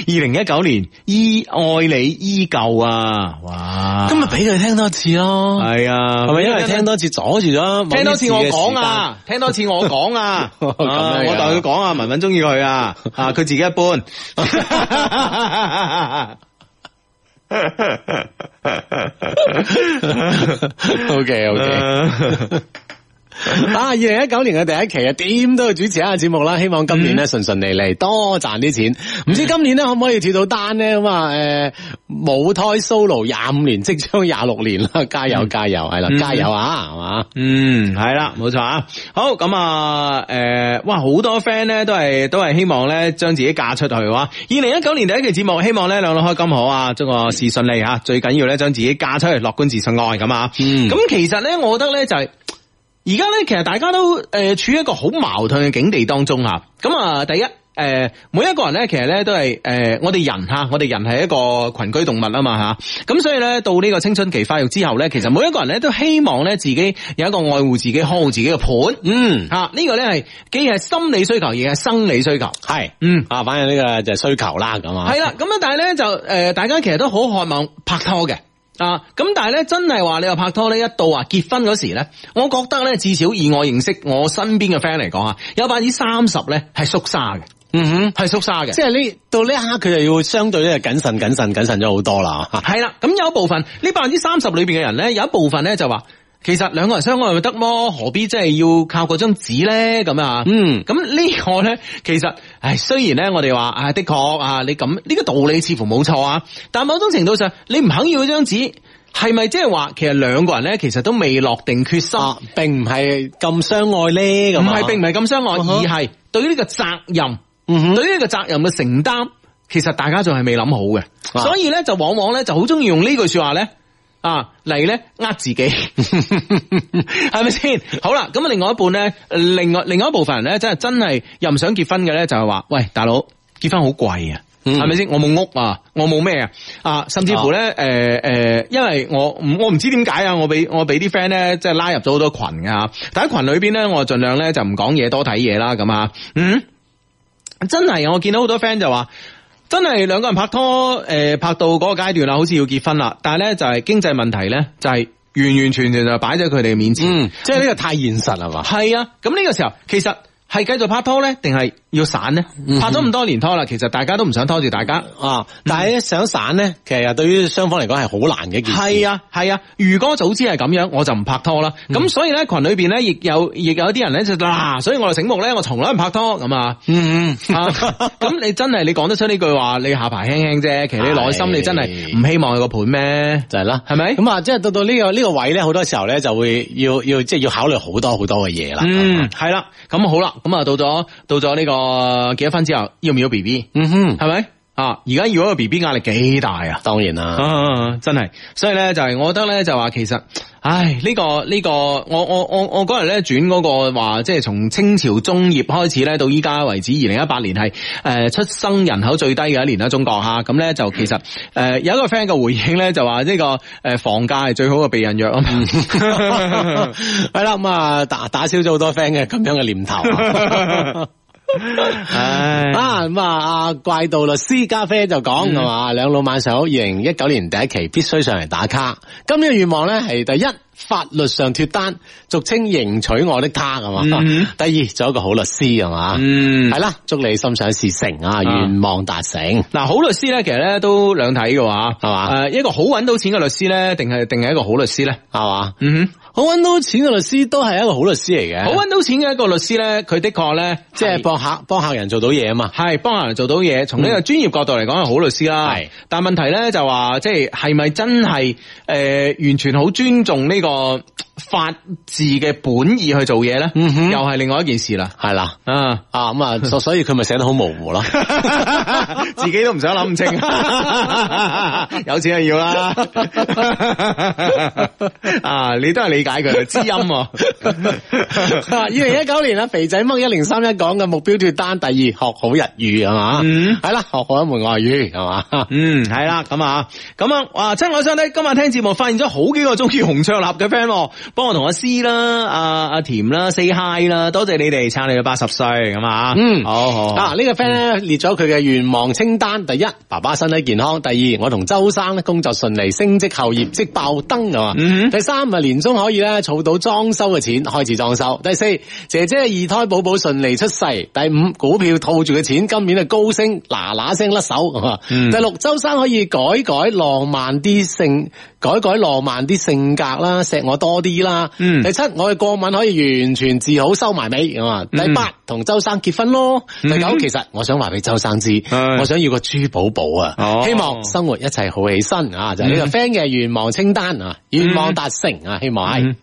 零一九年依愛你依舊啊！哇，今日俾佢聽多次咯，係啊，係咪因為聽多次阻住咗？聽多次我講啊，聽多次我講啊， 啊， 啊， 啊，啊，我代佢講啊，文文中意佢啊， 啊，佢自己一般。OK OK。 啊！二零一九年嘅第一期啊，點都要主持下個節目啦。希望今年咧順順利利，嗯、多賺啲錢。唔知今年咧可唔可以跳到單咧？咁啊，誒、呃，母胎 solo 廿五年，即將廿六年啦，加油、嗯、加油，係啦、嗯，加油啊，係、嗯、嘛？嗯，係啦，冇錯啊。好，咁啊，誒、呃，哇，好多 friend 咧都係都係希望咧將自己嫁出去、啊。哇！二零一九年第一期節目，希望咧兩兩開金好啊，祝我事順利吓、啊，最緊要咧將自己嫁出去，樂觀自信愛咁啊。嗯，咁其實咧，我覺得咧就係、是。而家咧，其實大家都誒處於一個好矛盾嘅境地當中啊。咁啊，第一誒，每一個人咧，其實咧都係誒，我哋人吓，我哋人係一個群居動物啊嘛吓。咁所以咧，到呢個青春期發育之後咧，其實每一個人咧都希望咧自己有一個愛護自己、呵護自己嘅伴。嗯，吓、啊、呢、這個咧係既係心理需求，亦係生理需求。係，嗯啊，反正呢個就係需求啦。咁、嗯、啊，係啦，咁啊，但係咧就誒，大家其實都好渴望拍拖嘅。啊，咁但係咧，真係話你又拍拖呢，一到啊結婚嗰時咧，我覺得咧至少以我認識我身邊嘅 friend 嚟講啊，有百分之三十咧係縮沙嘅，嗯哼，係縮沙嘅，即係呢到呢一刻佢就要相對咧謹慎、謹慎、謹慎咗好多啦，係 啦，咁有一部分呢百分之三十裏邊嘅人咧，有一部分咧就話。其實兩個人相愛咪得咯？何必真係要靠嗰張紙咧？咁啊，嗯，咁、這個、呢個咧，其實，唉，雖然咧，我哋話，唉，的確啊，你咁呢、這個道理似乎冇錯啊，但某種程度上，你唔肯要張紙，係咪即係話，其實兩個人咧，其實都未落定決心，啊、並唔係咁相愛咧？唔係，並唔係咁相愛，啊、而係對於呢個責任，嗯、對於呢個責任嘅承擔，其實大家仲係未諗好嘅、啊，所以咧就往往咧就好中意用呢句說話咧。啊嚟咧，呃自己，係咪先？ 好啦，咁啊，另外一半咧，另外另外一部分人咧，真係真係又唔想結婚嘅咧，就係話，喂，大佬結婚好貴啊，係咪先？我冇屋啊，我冇咩啊，啊，甚至乎咧，誒、呃、誒、呃，因為我我唔知點解啊，我俾我俾啲 friend 咧，即係拉入咗好多群㗎，但喺群裏邊咧，我盡量咧就唔講嘢，多睇嘢啦，咁啊，嗯，真係我見到好多 friend 就話。真係兩個人拍拖，誒、呃，拍到嗰個階段啦，好似要結婚啦，但係咧就係、是、經濟問題咧，就係、是、完完全全就擺喺佢哋嘅面前，嗯、即係呢個太現實啦嘛？係、嗯、啊，咁呢個時候其實。係繼續拍拖咧，定係要散呢？嗯、拍咗咁多年拖啦，其實大家都唔想拖住大家啊，但係咧想散咧，嗯，其實對於雙方嚟講係好難嘅一件事。係啊，係啊。如果早知係咁樣，我就唔拍拖啦。咁、嗯、所以咧，群裏邊咧亦有亦有啲人咧就嗱，所以我哋醒目咧，我從來唔拍拖咁啊。嗯咁、嗯啊、你真係你講得出呢句話，你下排輕輕啫。其實你內心你真係唔希望有個伴咩？就係、是、啦，係咪？咁啊，即係到到呢、這個呢、這個位咧，好多時候咧就會要要即係要考慮好多好多嘅嘢啦。嗯，係啦。咁好啦。咁啊，到咗到咗呢個結咗婚之後，要唔要 B B？嗯哼，係咪？啊！而家如果個 B B 壓力幾大啊？當然啦、啊啊啊，真係，所以咧就係，我覺得咧就話，其實，唉，呢個呢個，我我我我嗰日咧轉嗰個話，即係從清朝中葉開始咧，到依家為止，二零一八年係誒出生人口最低嘅一年啦，中國吓，咁咧就其實誒有一個 friend 嘅回應咧就話呢個誒房價係最好嘅避孕藥啊，係 啦， 咁啊打打消咗好多 friend 嘅咁樣嘅念頭。唉啊咁啊！阿怪道律師咖啡就講，係嘛，兩、嗯、老萬壽，二零一九年第一期必須上嚟，打卡。今年願望咧係第一，法律上脫單，俗稱迎娶我的他㗎嘛，嗯。第二做一個好律師，係嘛。係、嗯、啦，祝你心想事成啊，願望達成。嗱、嗯，好律師咧，其實咧都兩睇嘅話係嘛。誒，一個好揾到錢嘅律師咧，定係定係一個好律師咧，係嘛？嗯哼。好揾到錢嘅律師都係一個好律師嚟嘅，好揾到錢嘅一個律師咧，佢的確咧，即係幫客幫客人做到嘢啊嘛是，係幫客人做到嘢，從呢個專業角度嚟講係好律師啦。係、嗯，但問題咧就話、是，即係係咪真係誒完全好尊重呢個？法治嘅本意去做嘢咧、嗯，又係另外一件事啦。係啦，啊啊咁啊，所以佢咪寫得好模糊咯。 自己都唔想諗咁清， 有錢係要啦。 啊，你都係理解佢，知音、啊。二零一九年啊，肥仔掹一零三一講嘅目標脫單，第二學好日語係嘛，係啦、嗯，學好一門外語係嘛，嗯，係啦，咁啊，咁啊，哇、啊，親愛兄弟，今日聽節目發現咗好幾個中意洪卓立嘅 friend、啊。幫我同阿詩啦，阿、啊、阿、啊、甜啦，say hi 啦，多謝你哋，撐你到八十歲咁啊！嗯，好、哦、好、哦。啊，哦啊這個、fan 呢個 friend 咧列咗佢嘅願望清單：第一，爸爸身體健康；第二，我同周生咧工作順利，升職後業績爆燈，嘛、嗯？第三，咪年終可以咧儲到裝修嘅錢，開始裝修。第四，姐姐二胎寶寶順利出世。第五，股票套住嘅錢，今年啊高升，嗱嗱聲甩手、嗯。第六，周生可以改改浪漫啲性。改改浪漫啲性格啦，錫我多啲啦、嗯。第七，我嘅過敏可以完全治好，收埋尾。第八同、嗯、周生結婚咯、嗯。第九，其實我想話俾周生知，我想要個豬寶寶啊，希望生活一切好起身、哦、啊。就呢、是、個 friend 嘅願望清單啊，願、嗯、望達成啊，希望係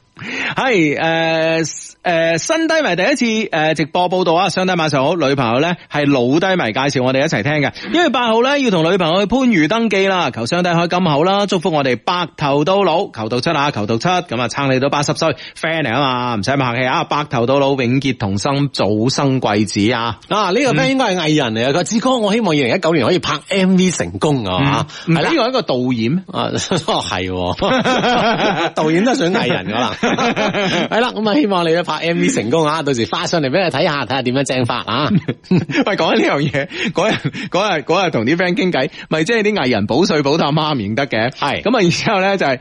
係誒。嗯誒、呃，新低迷第一次誒、呃、直播報道啊！雙低晚上好，女朋友咧係老低迷介紹我哋一齊聽嘅。一月八號咧要同女朋友去番禺登記啦，求雙低開金口啦，祝福我哋白頭到老，求到七啊，求到七，咁啊撐你到八十歲，friend 嚟啊嘛，唔使咁客氣啊，白頭到老，永結同心，早生貴子啊！啊呢、這個 f 應該 e 應該係藝人嚟噶、嗯，志哥我希望二零一九年可以拍 MV 成功啊。係、啊、啦，呢、這個一個導演 啊，係對、哦、 導演都想藝人㗎啦係啦，咁 啊、嗯、希望你 MV 成功啊！到時發上嚟俾你睇下，睇下點樣正法啊！嗯、喂，講緊呢樣嘢，嗰日嗰日嗰日同啲 friend 傾偈，咪即係啲藝人補稅補到阿媽唔認得嘅，係咁啊！然之後咧就係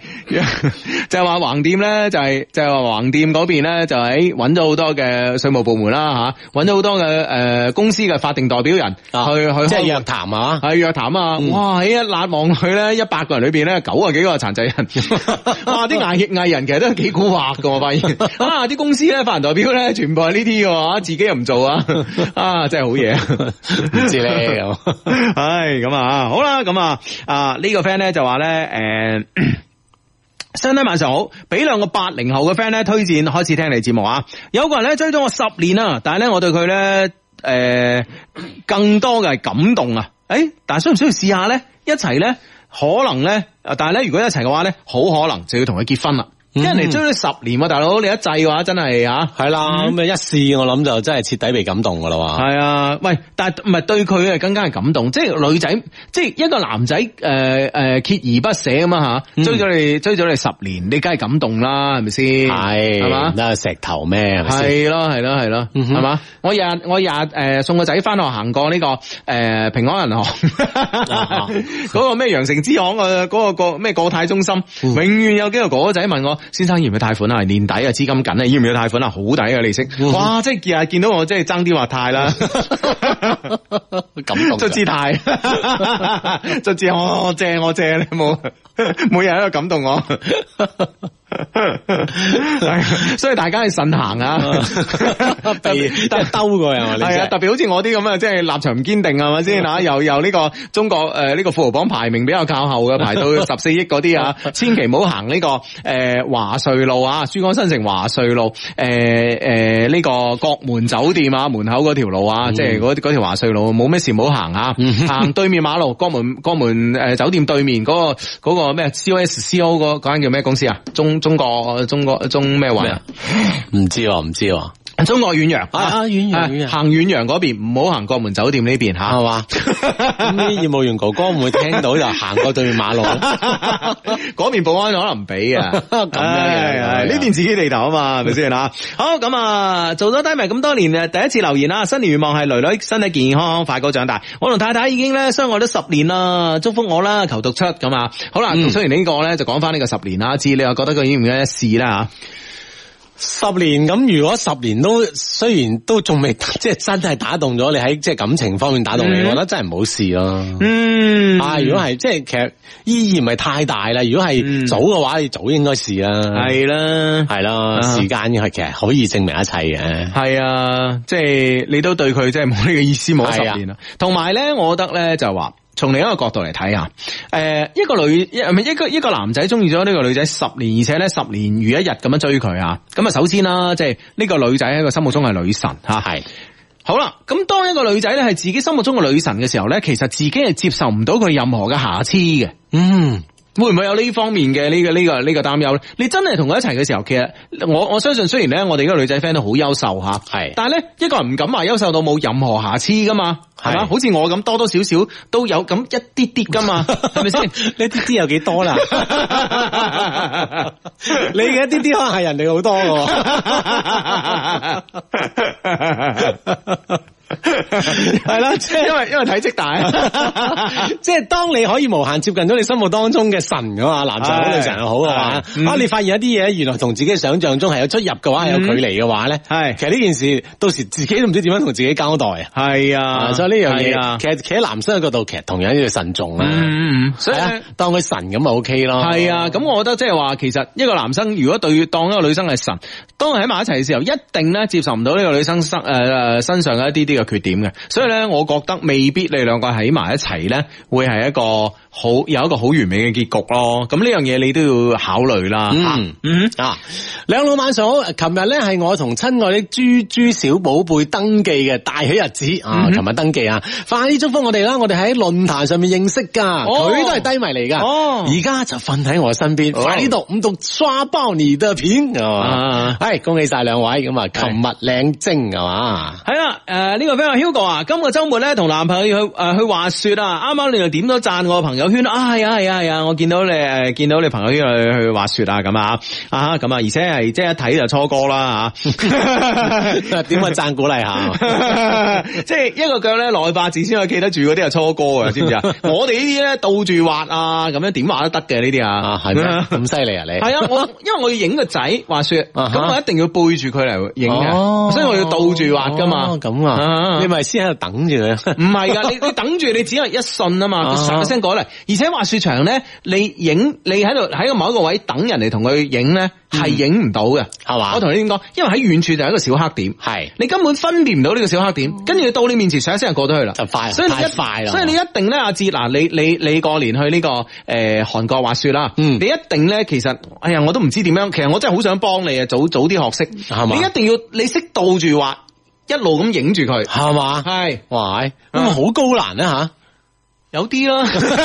就係話橫店咧，就係、是、就係話橫店嗰、就是就是、邊咧就係搵咗好多嘅稅務部門啦吓，揾咗好多嘅誒、呃、公司嘅法定代表人、啊、去去即係約談啊，係約談啊！嗯、哇，喺一辣望去咧，一百人裏邊咧九啊幾個殘疾人啊！啲 藝藝人其實都幾蠱惑噶，我發現啊！啲公司咧。法人代表咧，全部係呢啲嘅，自己又唔做 啊！ 啊，真係好嘢，唔知咧，唉，咁啊，好啦，咁啊，啊呢個 friend 咧就話咧，誒，新晚上好，俾兩個八零後嘅 friend 咧推薦開始聽你節目啊，有個人咧追咗我十年啊，但係咧我對佢咧，誒、呃，更多嘅係感動啊，誒、欸，但係需唔需要試下咧？一齊咧，可能咧，啊，但係咧，如果一齊嘅話咧，好可能就要同佢結婚啦。跟嚟追咗十年啊，大佬你一制嘅話，真係吓係啦，咁一試我諗就真係徹底被感動噶啦哇！係啊，喂，但係唔係對佢啊，更加係感動。即係女仔，即係一個男仔，誒誒鍥而不捨咁啊吓，追咗你追咗你十年，你梗係感動啦，係咪先？係係嘛，得個石頭咩？係咯係咯係咯，係嘛？我日我日誒送個仔翻學行過呢個誒平安銀行嗰個咩羊城支行啊，嗰個個咩國泰中心，永遠有幾個哥哥仔問我。先生要唔要貸款啊？年底啊資金緊啊，要唔要貸款啊？好抵嘅利息，哇！即係見啊見到我即係爭啲話貸啦， 感動，做姿態，就只、哦、我借我借你冇，每日喺度感動我。 所以大家要慎行啊！ 特別兜過係係啊！特別好似 我啲咁啊，即、就、係、是、立場唔堅定啊，係咪先？吓，又又、這、呢個中國誒呢、呃這個富豪榜排名比較靠後嘅，排到十四億嗰啲啊， 千祈唔好行呢、這個誒華穗路啊，珠江新城華穗路誒誒呢個國門酒店啊門口嗰條路啊，嗯、即係嗰嗰條華穗路，冇咩事唔好行啊！ 行對面馬路，國門國門誒、呃、酒店對面嗰、那個、那個咩？C O S C O 嗰間叫咩公司啊？中。中國中國中咩位 啊？唔知喎、啊，唔知喎。中國遠洋，哎、啊，遠洋，遠行遠洋嗰邊唔好行國門酒店呢邊吓，係嘛？咁啲業務員哥哥唔會聽到就行過對面馬路，嗰邊保安可能唔俾啊。咁 嘅，呢邊自己地頭啊嘛，係咪先啦？好，咁啊，做咗低迷咁多年啊，第一次留言啊。新年願望係囡囡身體健康，快高長大。我同太太已經咧相愛咗十年啦，祝福我啦，求讀出咁啊。好啦，讀出完呢個咧，就講翻呢個十年啦。至於你又覺得佢已經唔係一世啦吓。十年咁，如果十年都雖然都仲未即係真係打動咗你喺即係感情方面打動，mm-hmm. 你，我覺得真係唔好試咯。嗯，啊，如果係即係其實意義，唔係太大啦。如果係早嘅話，你早應該試啦。係啦，係啦，時間係其實可以證明一切嘅。係啊，即係你都對佢即係冇呢個意思冇，十年同埋咧，我覺得咧就話。從另一個角度嚟睇啊，誒，一個女，唔係一個一個男仔中意咗呢個女仔十年，而且咧十年如一日咁樣追佢啊。咁啊，首先啦，即係呢個女仔喺個心目中係女神吓，係、嗯、好啦。咁當一個女仔咧係自己心目中嘅女神嘅時候咧，其實自己係接受唔到佢任何嘅瑕疵嘅，嗯。會唔會有呢方面嘅呢、呢個呢、呢個呢、呢個擔憂咧？你真係同佢一齊嘅時候，其實我我相信雖然咧，我哋呢個女仔 friend 都好優秀吓，係，但係咧一個人唔敢話優秀到冇任何瑕疵噶嘛，係嘛？好似我咁多多少少都有咁一啲啲噶嘛，係咪先？ 你啲啲有幾多啦？ 你嘅一啲啲可能係人哋好多喎。 係 啦， 即係因為因為體積大， 即係當你可以無限接近咗你心目當中嘅神㗎嘛。男神好女神又好嘅啊、嗯、你發現一啲嘢，原來同自己想象中係有出入嘅話，係有距離嘅話咧，係、嗯、其實呢件事到時自己都唔知點樣同自己交代。係啊，所以呢樣嘢，啊，其實企喺男生嘅角度，其實同樣都要慎重啊、嗯。所以的當佢神咁咪 OK 咯。係啊，咁我覺得即係話，其實一個男生如果對當一個女生係神，當佢喺埋一齊嘅時候，一定咧接受唔到呢個女生身誒誒身上嘅一啲啲嘅。缺點嘅，所以咧，我覺得未必你兩個喺埋一齊咧，會係一個。好有一個好完美嘅結局咯，咁呢樣嘢你都要考慮啦。嗯嗯啊，兩老晚嫂，琴日咧係我同親愛的豬豬小寶貝登記嘅大喜日子，嗯、啊，琴日登記啊，快啲祝福我哋啦！我哋喺論壇上面認識噶，佢都係低迷嚟噶。哦，而家，哦、就瞓喺我身邊，哦、快啲讀五毒刷包年嘅片啊！係，啊啊、恭喜晒兩位咁啊！琴日領證係嘛？係啦，誒呢，啊這個 f r Hugo 啊，今個周末咧同男朋友去誒、呃、去滑雪啊，啱啱你又點咗讚我朋友。圈啊，係啊係啊係啊，啊！我見到你誒，見到你朋友圈去去滑雪啊咁啊啊咁啊，啊！而且係即係一睇，就初哥啦點，點啊讚 鼓勵下， 即係一個腳咧內八字先可以記得住嗰啲係初哥啊，知唔知啊？我哋呢啲咧倒住滑啊，咁樣點滑都得嘅呢啲啊，係咪咁犀利啊？你係啊，我因為我要影個仔滑雪，咁、uh-huh. 我一定要背住佢嚟影嘅，uh-huh. 所以我要倒住滑噶嘛。咁、uh-huh. 啊，你咪先喺度等住佢，唔係噶，你你等住你只係一瞬啊嘛，佢聲過嚟。而且滑雪場咧，你影你喺度喺個某一個位等人嚟同佢影咧，係影唔到嘅，係嘛？我同你點講，因為喺遠處就係一個小黑點，係你根本分辨唔到呢個小黑點，跟、嗯、住到你面前，上一先就過咗去啦，就快啦，太快啦，所以你一定咧，阿志嗱，你你你過年去呢、這個誒韓、呃、國滑雪啦、嗯，你一定咧，其實哎呀，我都唔知點樣，其實我真係好想幫你啊，早早啲學識，係嘛？你一定要你識倒住滑，一路咁影住佢，係嘛？係，喂！咁好高難咧吓。有啲咯，係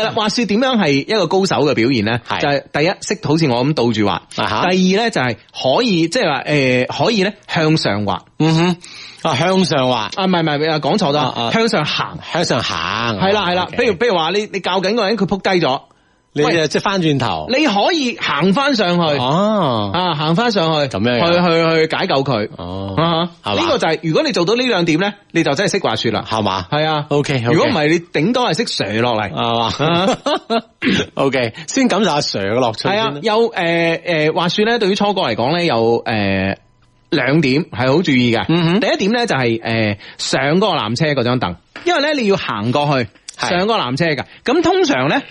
啦。話說點樣係一個高手嘅表現咧？就係、是、第一識好似我咁倒住滑、啊，第二咧就係可以即係話誒可以咧、呃、向上滑，嗯哼，啊向上滑啊唔係唔係啊講錯咗，向上行向上行，係啦係啦，譬如譬如話你你教緊個人，佢撲低咗。你誒，即翻轉頭，你可以行翻上去哦，啊，行翻上去，咁、啊、樣，去去去解救佢哦，呢、啊啊這個就係、是、如果你做到呢兩點咧，你就真係識滑雪啦，係嘛？係啊，OK，如果唔係，你頂多係識 Sir 落嚟，係、啊、嘛 ，OK，先感受阿 Sir 嘅樂趣。係啊，有誒誒滑雪咧，對於初哥嚟講咧，有誒、呃、兩點係好注意嘅、嗯。第一點咧就係、是、誒、呃、上嗰個纜車嗰張凳，因為咧你要行過去。上嗰個纜車噶，咁通常咧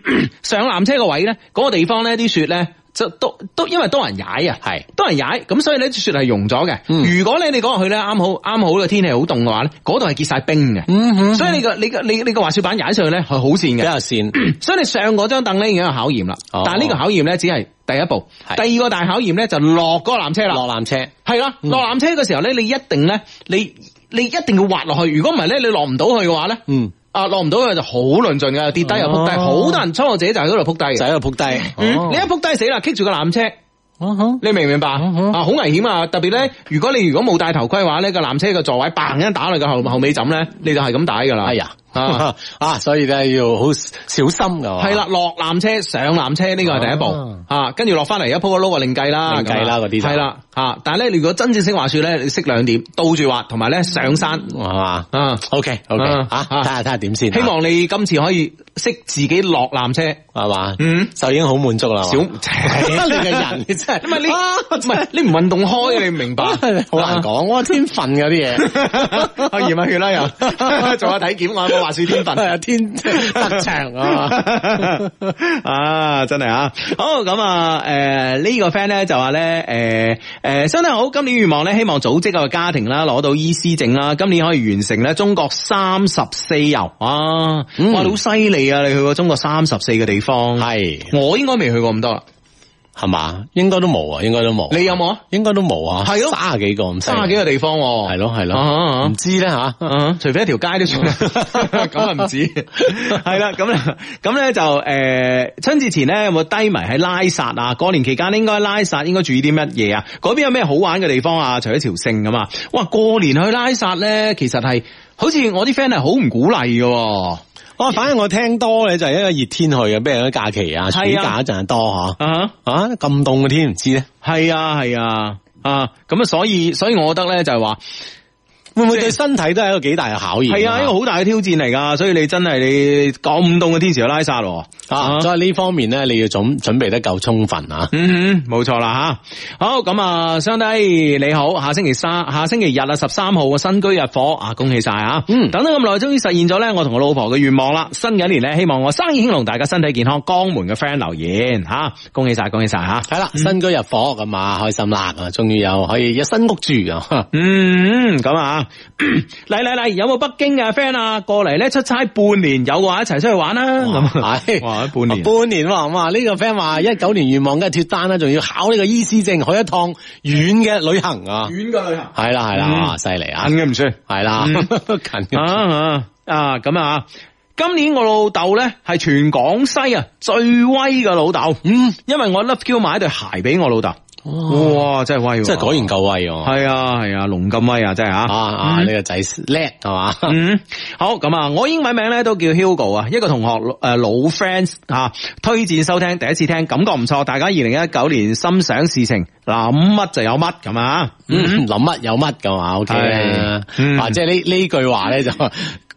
上纜車個位咧，嗰、那個地方咧啲、那個、雪咧就都都因為多人踩啊，係多人踩，咁所以咧雪係融咗嘅。如果咧你講落去咧，啱好啱好個天氣好凍嘅話咧，嗰度係結晒冰嘅、嗯嗯，所以你個你你你個滑雪板踩上去咧係好跣嘅，比較跣。所以你上嗰張凳咧已經有考驗啦、哦，但係呢個考驗咧只係第一步，第二個大考驗咧就落嗰個纜車啦。落纜車係啦，落纜、啊嗯、車嘅時候咧，你一定咧你你一定要滑落去，如果唔係咧你落唔到去嘅話咧，嗯。啊，落唔到嘅就好論盡噶，又跌低又仆低，好、哦、多人倉、哦、我自己就喺嗰度仆低，就喺度仆低。嗯哦、你一仆低死啦，棘住個纜車，哦、你明唔明白、哦、啊？好危險啊！特別咧，如果你如果冇戴頭盔嘅話咧，個纜車嘅座位嘭一打落個後後尾枕咧，你就係咁打噶啦。哎呀啊，所以咧要好小心噶，係啦，落纜車上纜車呢個係第一步啊，跟住落翻嚟一鋪個碌啊，另計啦，另計啦嗰啲係啦。但係咧，如果真正識滑雪咧，你識兩點倒住滑同埋咧上山係嘛啊？OK OK 啊！睇下睇下點先，希望你今次可以識自己落纜車係嘛、啊？嗯，就已經好滿足啦。小唔、呃、你嘅人你真係，唔、啊、係你唔係、啊、你唔運動開，啊、你唔明白，好、啊、難講。我天份嘅啲嘢，驗下血啦又做下體檢，話事天份， 天德長啊！ 啊，真係啊，好咁啊，誒，呢、呃這個 friend 咧就話咧，誒、呃，誒、呃，相當好，今年願望咧，希望組織個家庭啦，攞到醫師證啦，今年可以完成咧中國三十四遊啊、嗯！哇，好犀利啊，你去過中國三十四個地方，係我應該未去過咁多。係嘛？應該都冇啊，應該都冇，啊。你有冇？應該都冇啊。係咯，卅幾個，卅幾個地方，啊。係咯，係咯。唔、啊啊、知咧吓，啊啊啊，除非一條街都算了，啊。咁啊唔知。係啦，咁咧，咁咧就誒、呃，春節前咧有冇低迷喺拉薩啊？過年期間應該拉薩應該注意啲乜嘢啊？嗰邊有咩好玩嘅地方啊？除咗朝聖啊嘛。哇，過年去拉薩咧，其實係好似我啲 friend 係好唔鼓勵嘅，啊。我、啊、反正我聽多嘅就係因為熱天去嘅，咩假期啊，暑假一陣多吓、啊，啊咁凍嘅天唔知咧，係啊係啊啊咁啊，所以所以我覺得咧就係話。會唔會對身體都係一個幾大嘅考驗？係啊，一個好大嘅挑戰嚟噶，所以你真係你咁凍嘅天時就拉薩、啊啊，啊，所以呢方面咧，你要準準備得夠充分啊。嗯哼，冇錯啦，吓、啊，好咁啊，兄弟你好，下星期三，下星期日啊，十三號嘅新居入伙啊，恭喜晒啊，嗯，等咗咁耐，終於實現咗咧，我同我老婆嘅願望啦。新嘅一年咧，希望我生意興隆，大家身體健康。江門嘅 friend 留言吓、啊，恭喜晒、啊，恭喜晒、啊、吓，係啦、啊嗯啊，新居入伙咁啊，開心啦，啊，終於又可以有新屋住啊，啊嗯，咁、嗯嗯、啊。嚟嚟嚟，有冇北京嘅 friend 啊？過嚟咧出差半年，有嘅話一齊出去玩啦。咁係 半，半年，半年哇，呢、這個 friend 話一九年願望梗係脫單啦，仲要考呢個醫師證，去一趟遠嘅旅行啊。遠嘅旅行係啦係啦，犀利、嗯嗯、 啊！近嘅唔算係啦，近啊咁啊！今年我老豆咧係全廣西啊最威嘅老豆，嗯，因為我咧 Q 買對鞋俾我老豆。哇！真係威、啊，真係果然夠威喎！係啊係啊，龍咁、啊啊、威啊！真係啊！啊！呢、啊這個仔叻係嘛？嗯，好咁啊！我英文名咧都叫 Hugo 啊，一個同學誒老 friend 吓、啊、推薦收聽，第一次聽感覺唔錯。大家二零一九年心想事情，諗乜就有乜咁啊？諗、嗯、乜、嗯、有乜噶嘛？O K 啊？即係呢呢句話咧就。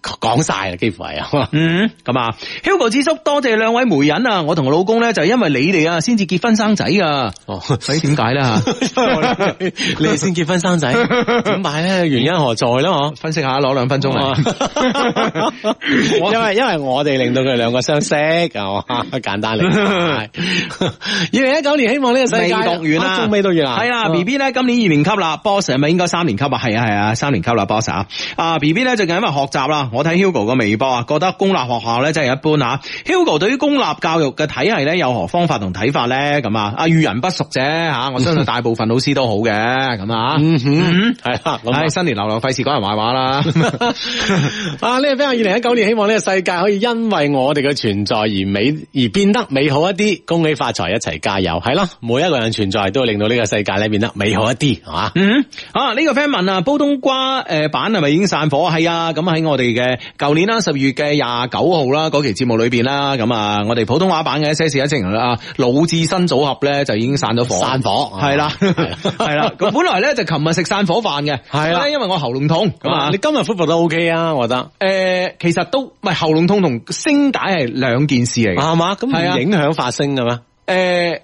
講晒啦，幾乎係啊，嗯，咁啊，Hugo 智叔，多謝兩位媒人啊，我同我老公咧就係、是、因為你哋啊，先至結婚生仔噶、啊，哦，點解咧吓？呢 你哋先結婚生仔，點解咧？原因何在咧？嗬？分析下，攞兩分鐘啊。 因為因為我哋令到佢哋兩個相識，係 嘛、哦？簡單嚟，二零一九年希望呢個世界未讀完啦，仲未讀完啊？係啊，B B 咧今年二年級啦，Boss 係咪應該三年級啊？係啊係啊，三年級啦，Boss 啊，啊 B B 咧最近因為學習啦。我睇 Hugo 嘅微博啊，覺得公立學校咧真係一般吓、啊。Hugo 對於公立教育嘅體系咧，有何方法同睇法咧？咁啊，啊遇人不淑啫吓，啊、 我相信大部分老師都好嘅，咁、 嗯嗯、啊吓，係、嗯、啦。唉、嗯啊，新年流浪費事講人壞話啦。 啊，呢個 friend 二零一九年，希望呢個世界可以因為我哋嘅存在而美而變得美好一啲。恭喜發財，一齊加油，係、啊、啦，每一個人存在都會令到呢個世界咧變得美好一啲，係 啊呢、呢個 friend 問啊，煲冬瓜誒、呃、板係咪已經散火？係啊，咁喺我哋嘅。嘅舊年啦，十月嘅廿九號啦，嗰期節目裏邊啦，咁啊，我哋普通話版嘅一些事一些情啦，啊，老智新組合咧就已經散咗火了，散火係啦，係啦，咁 本來咧就琴日食散火飯嘅，係啦，因為我喉嚨痛，咁啊，你今日恢復都 OK 啊，我覺得，誒、呃，其實都唔係喉嚨痛，同聲帶係兩件事嚟，係嘛，咁唔影響發聲噶嘛，誒、呃，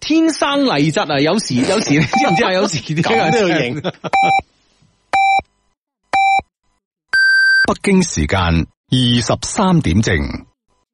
天生麗質啊，有時有時你知唔知啊，有時咁喺度影。 北京時間二十三點正。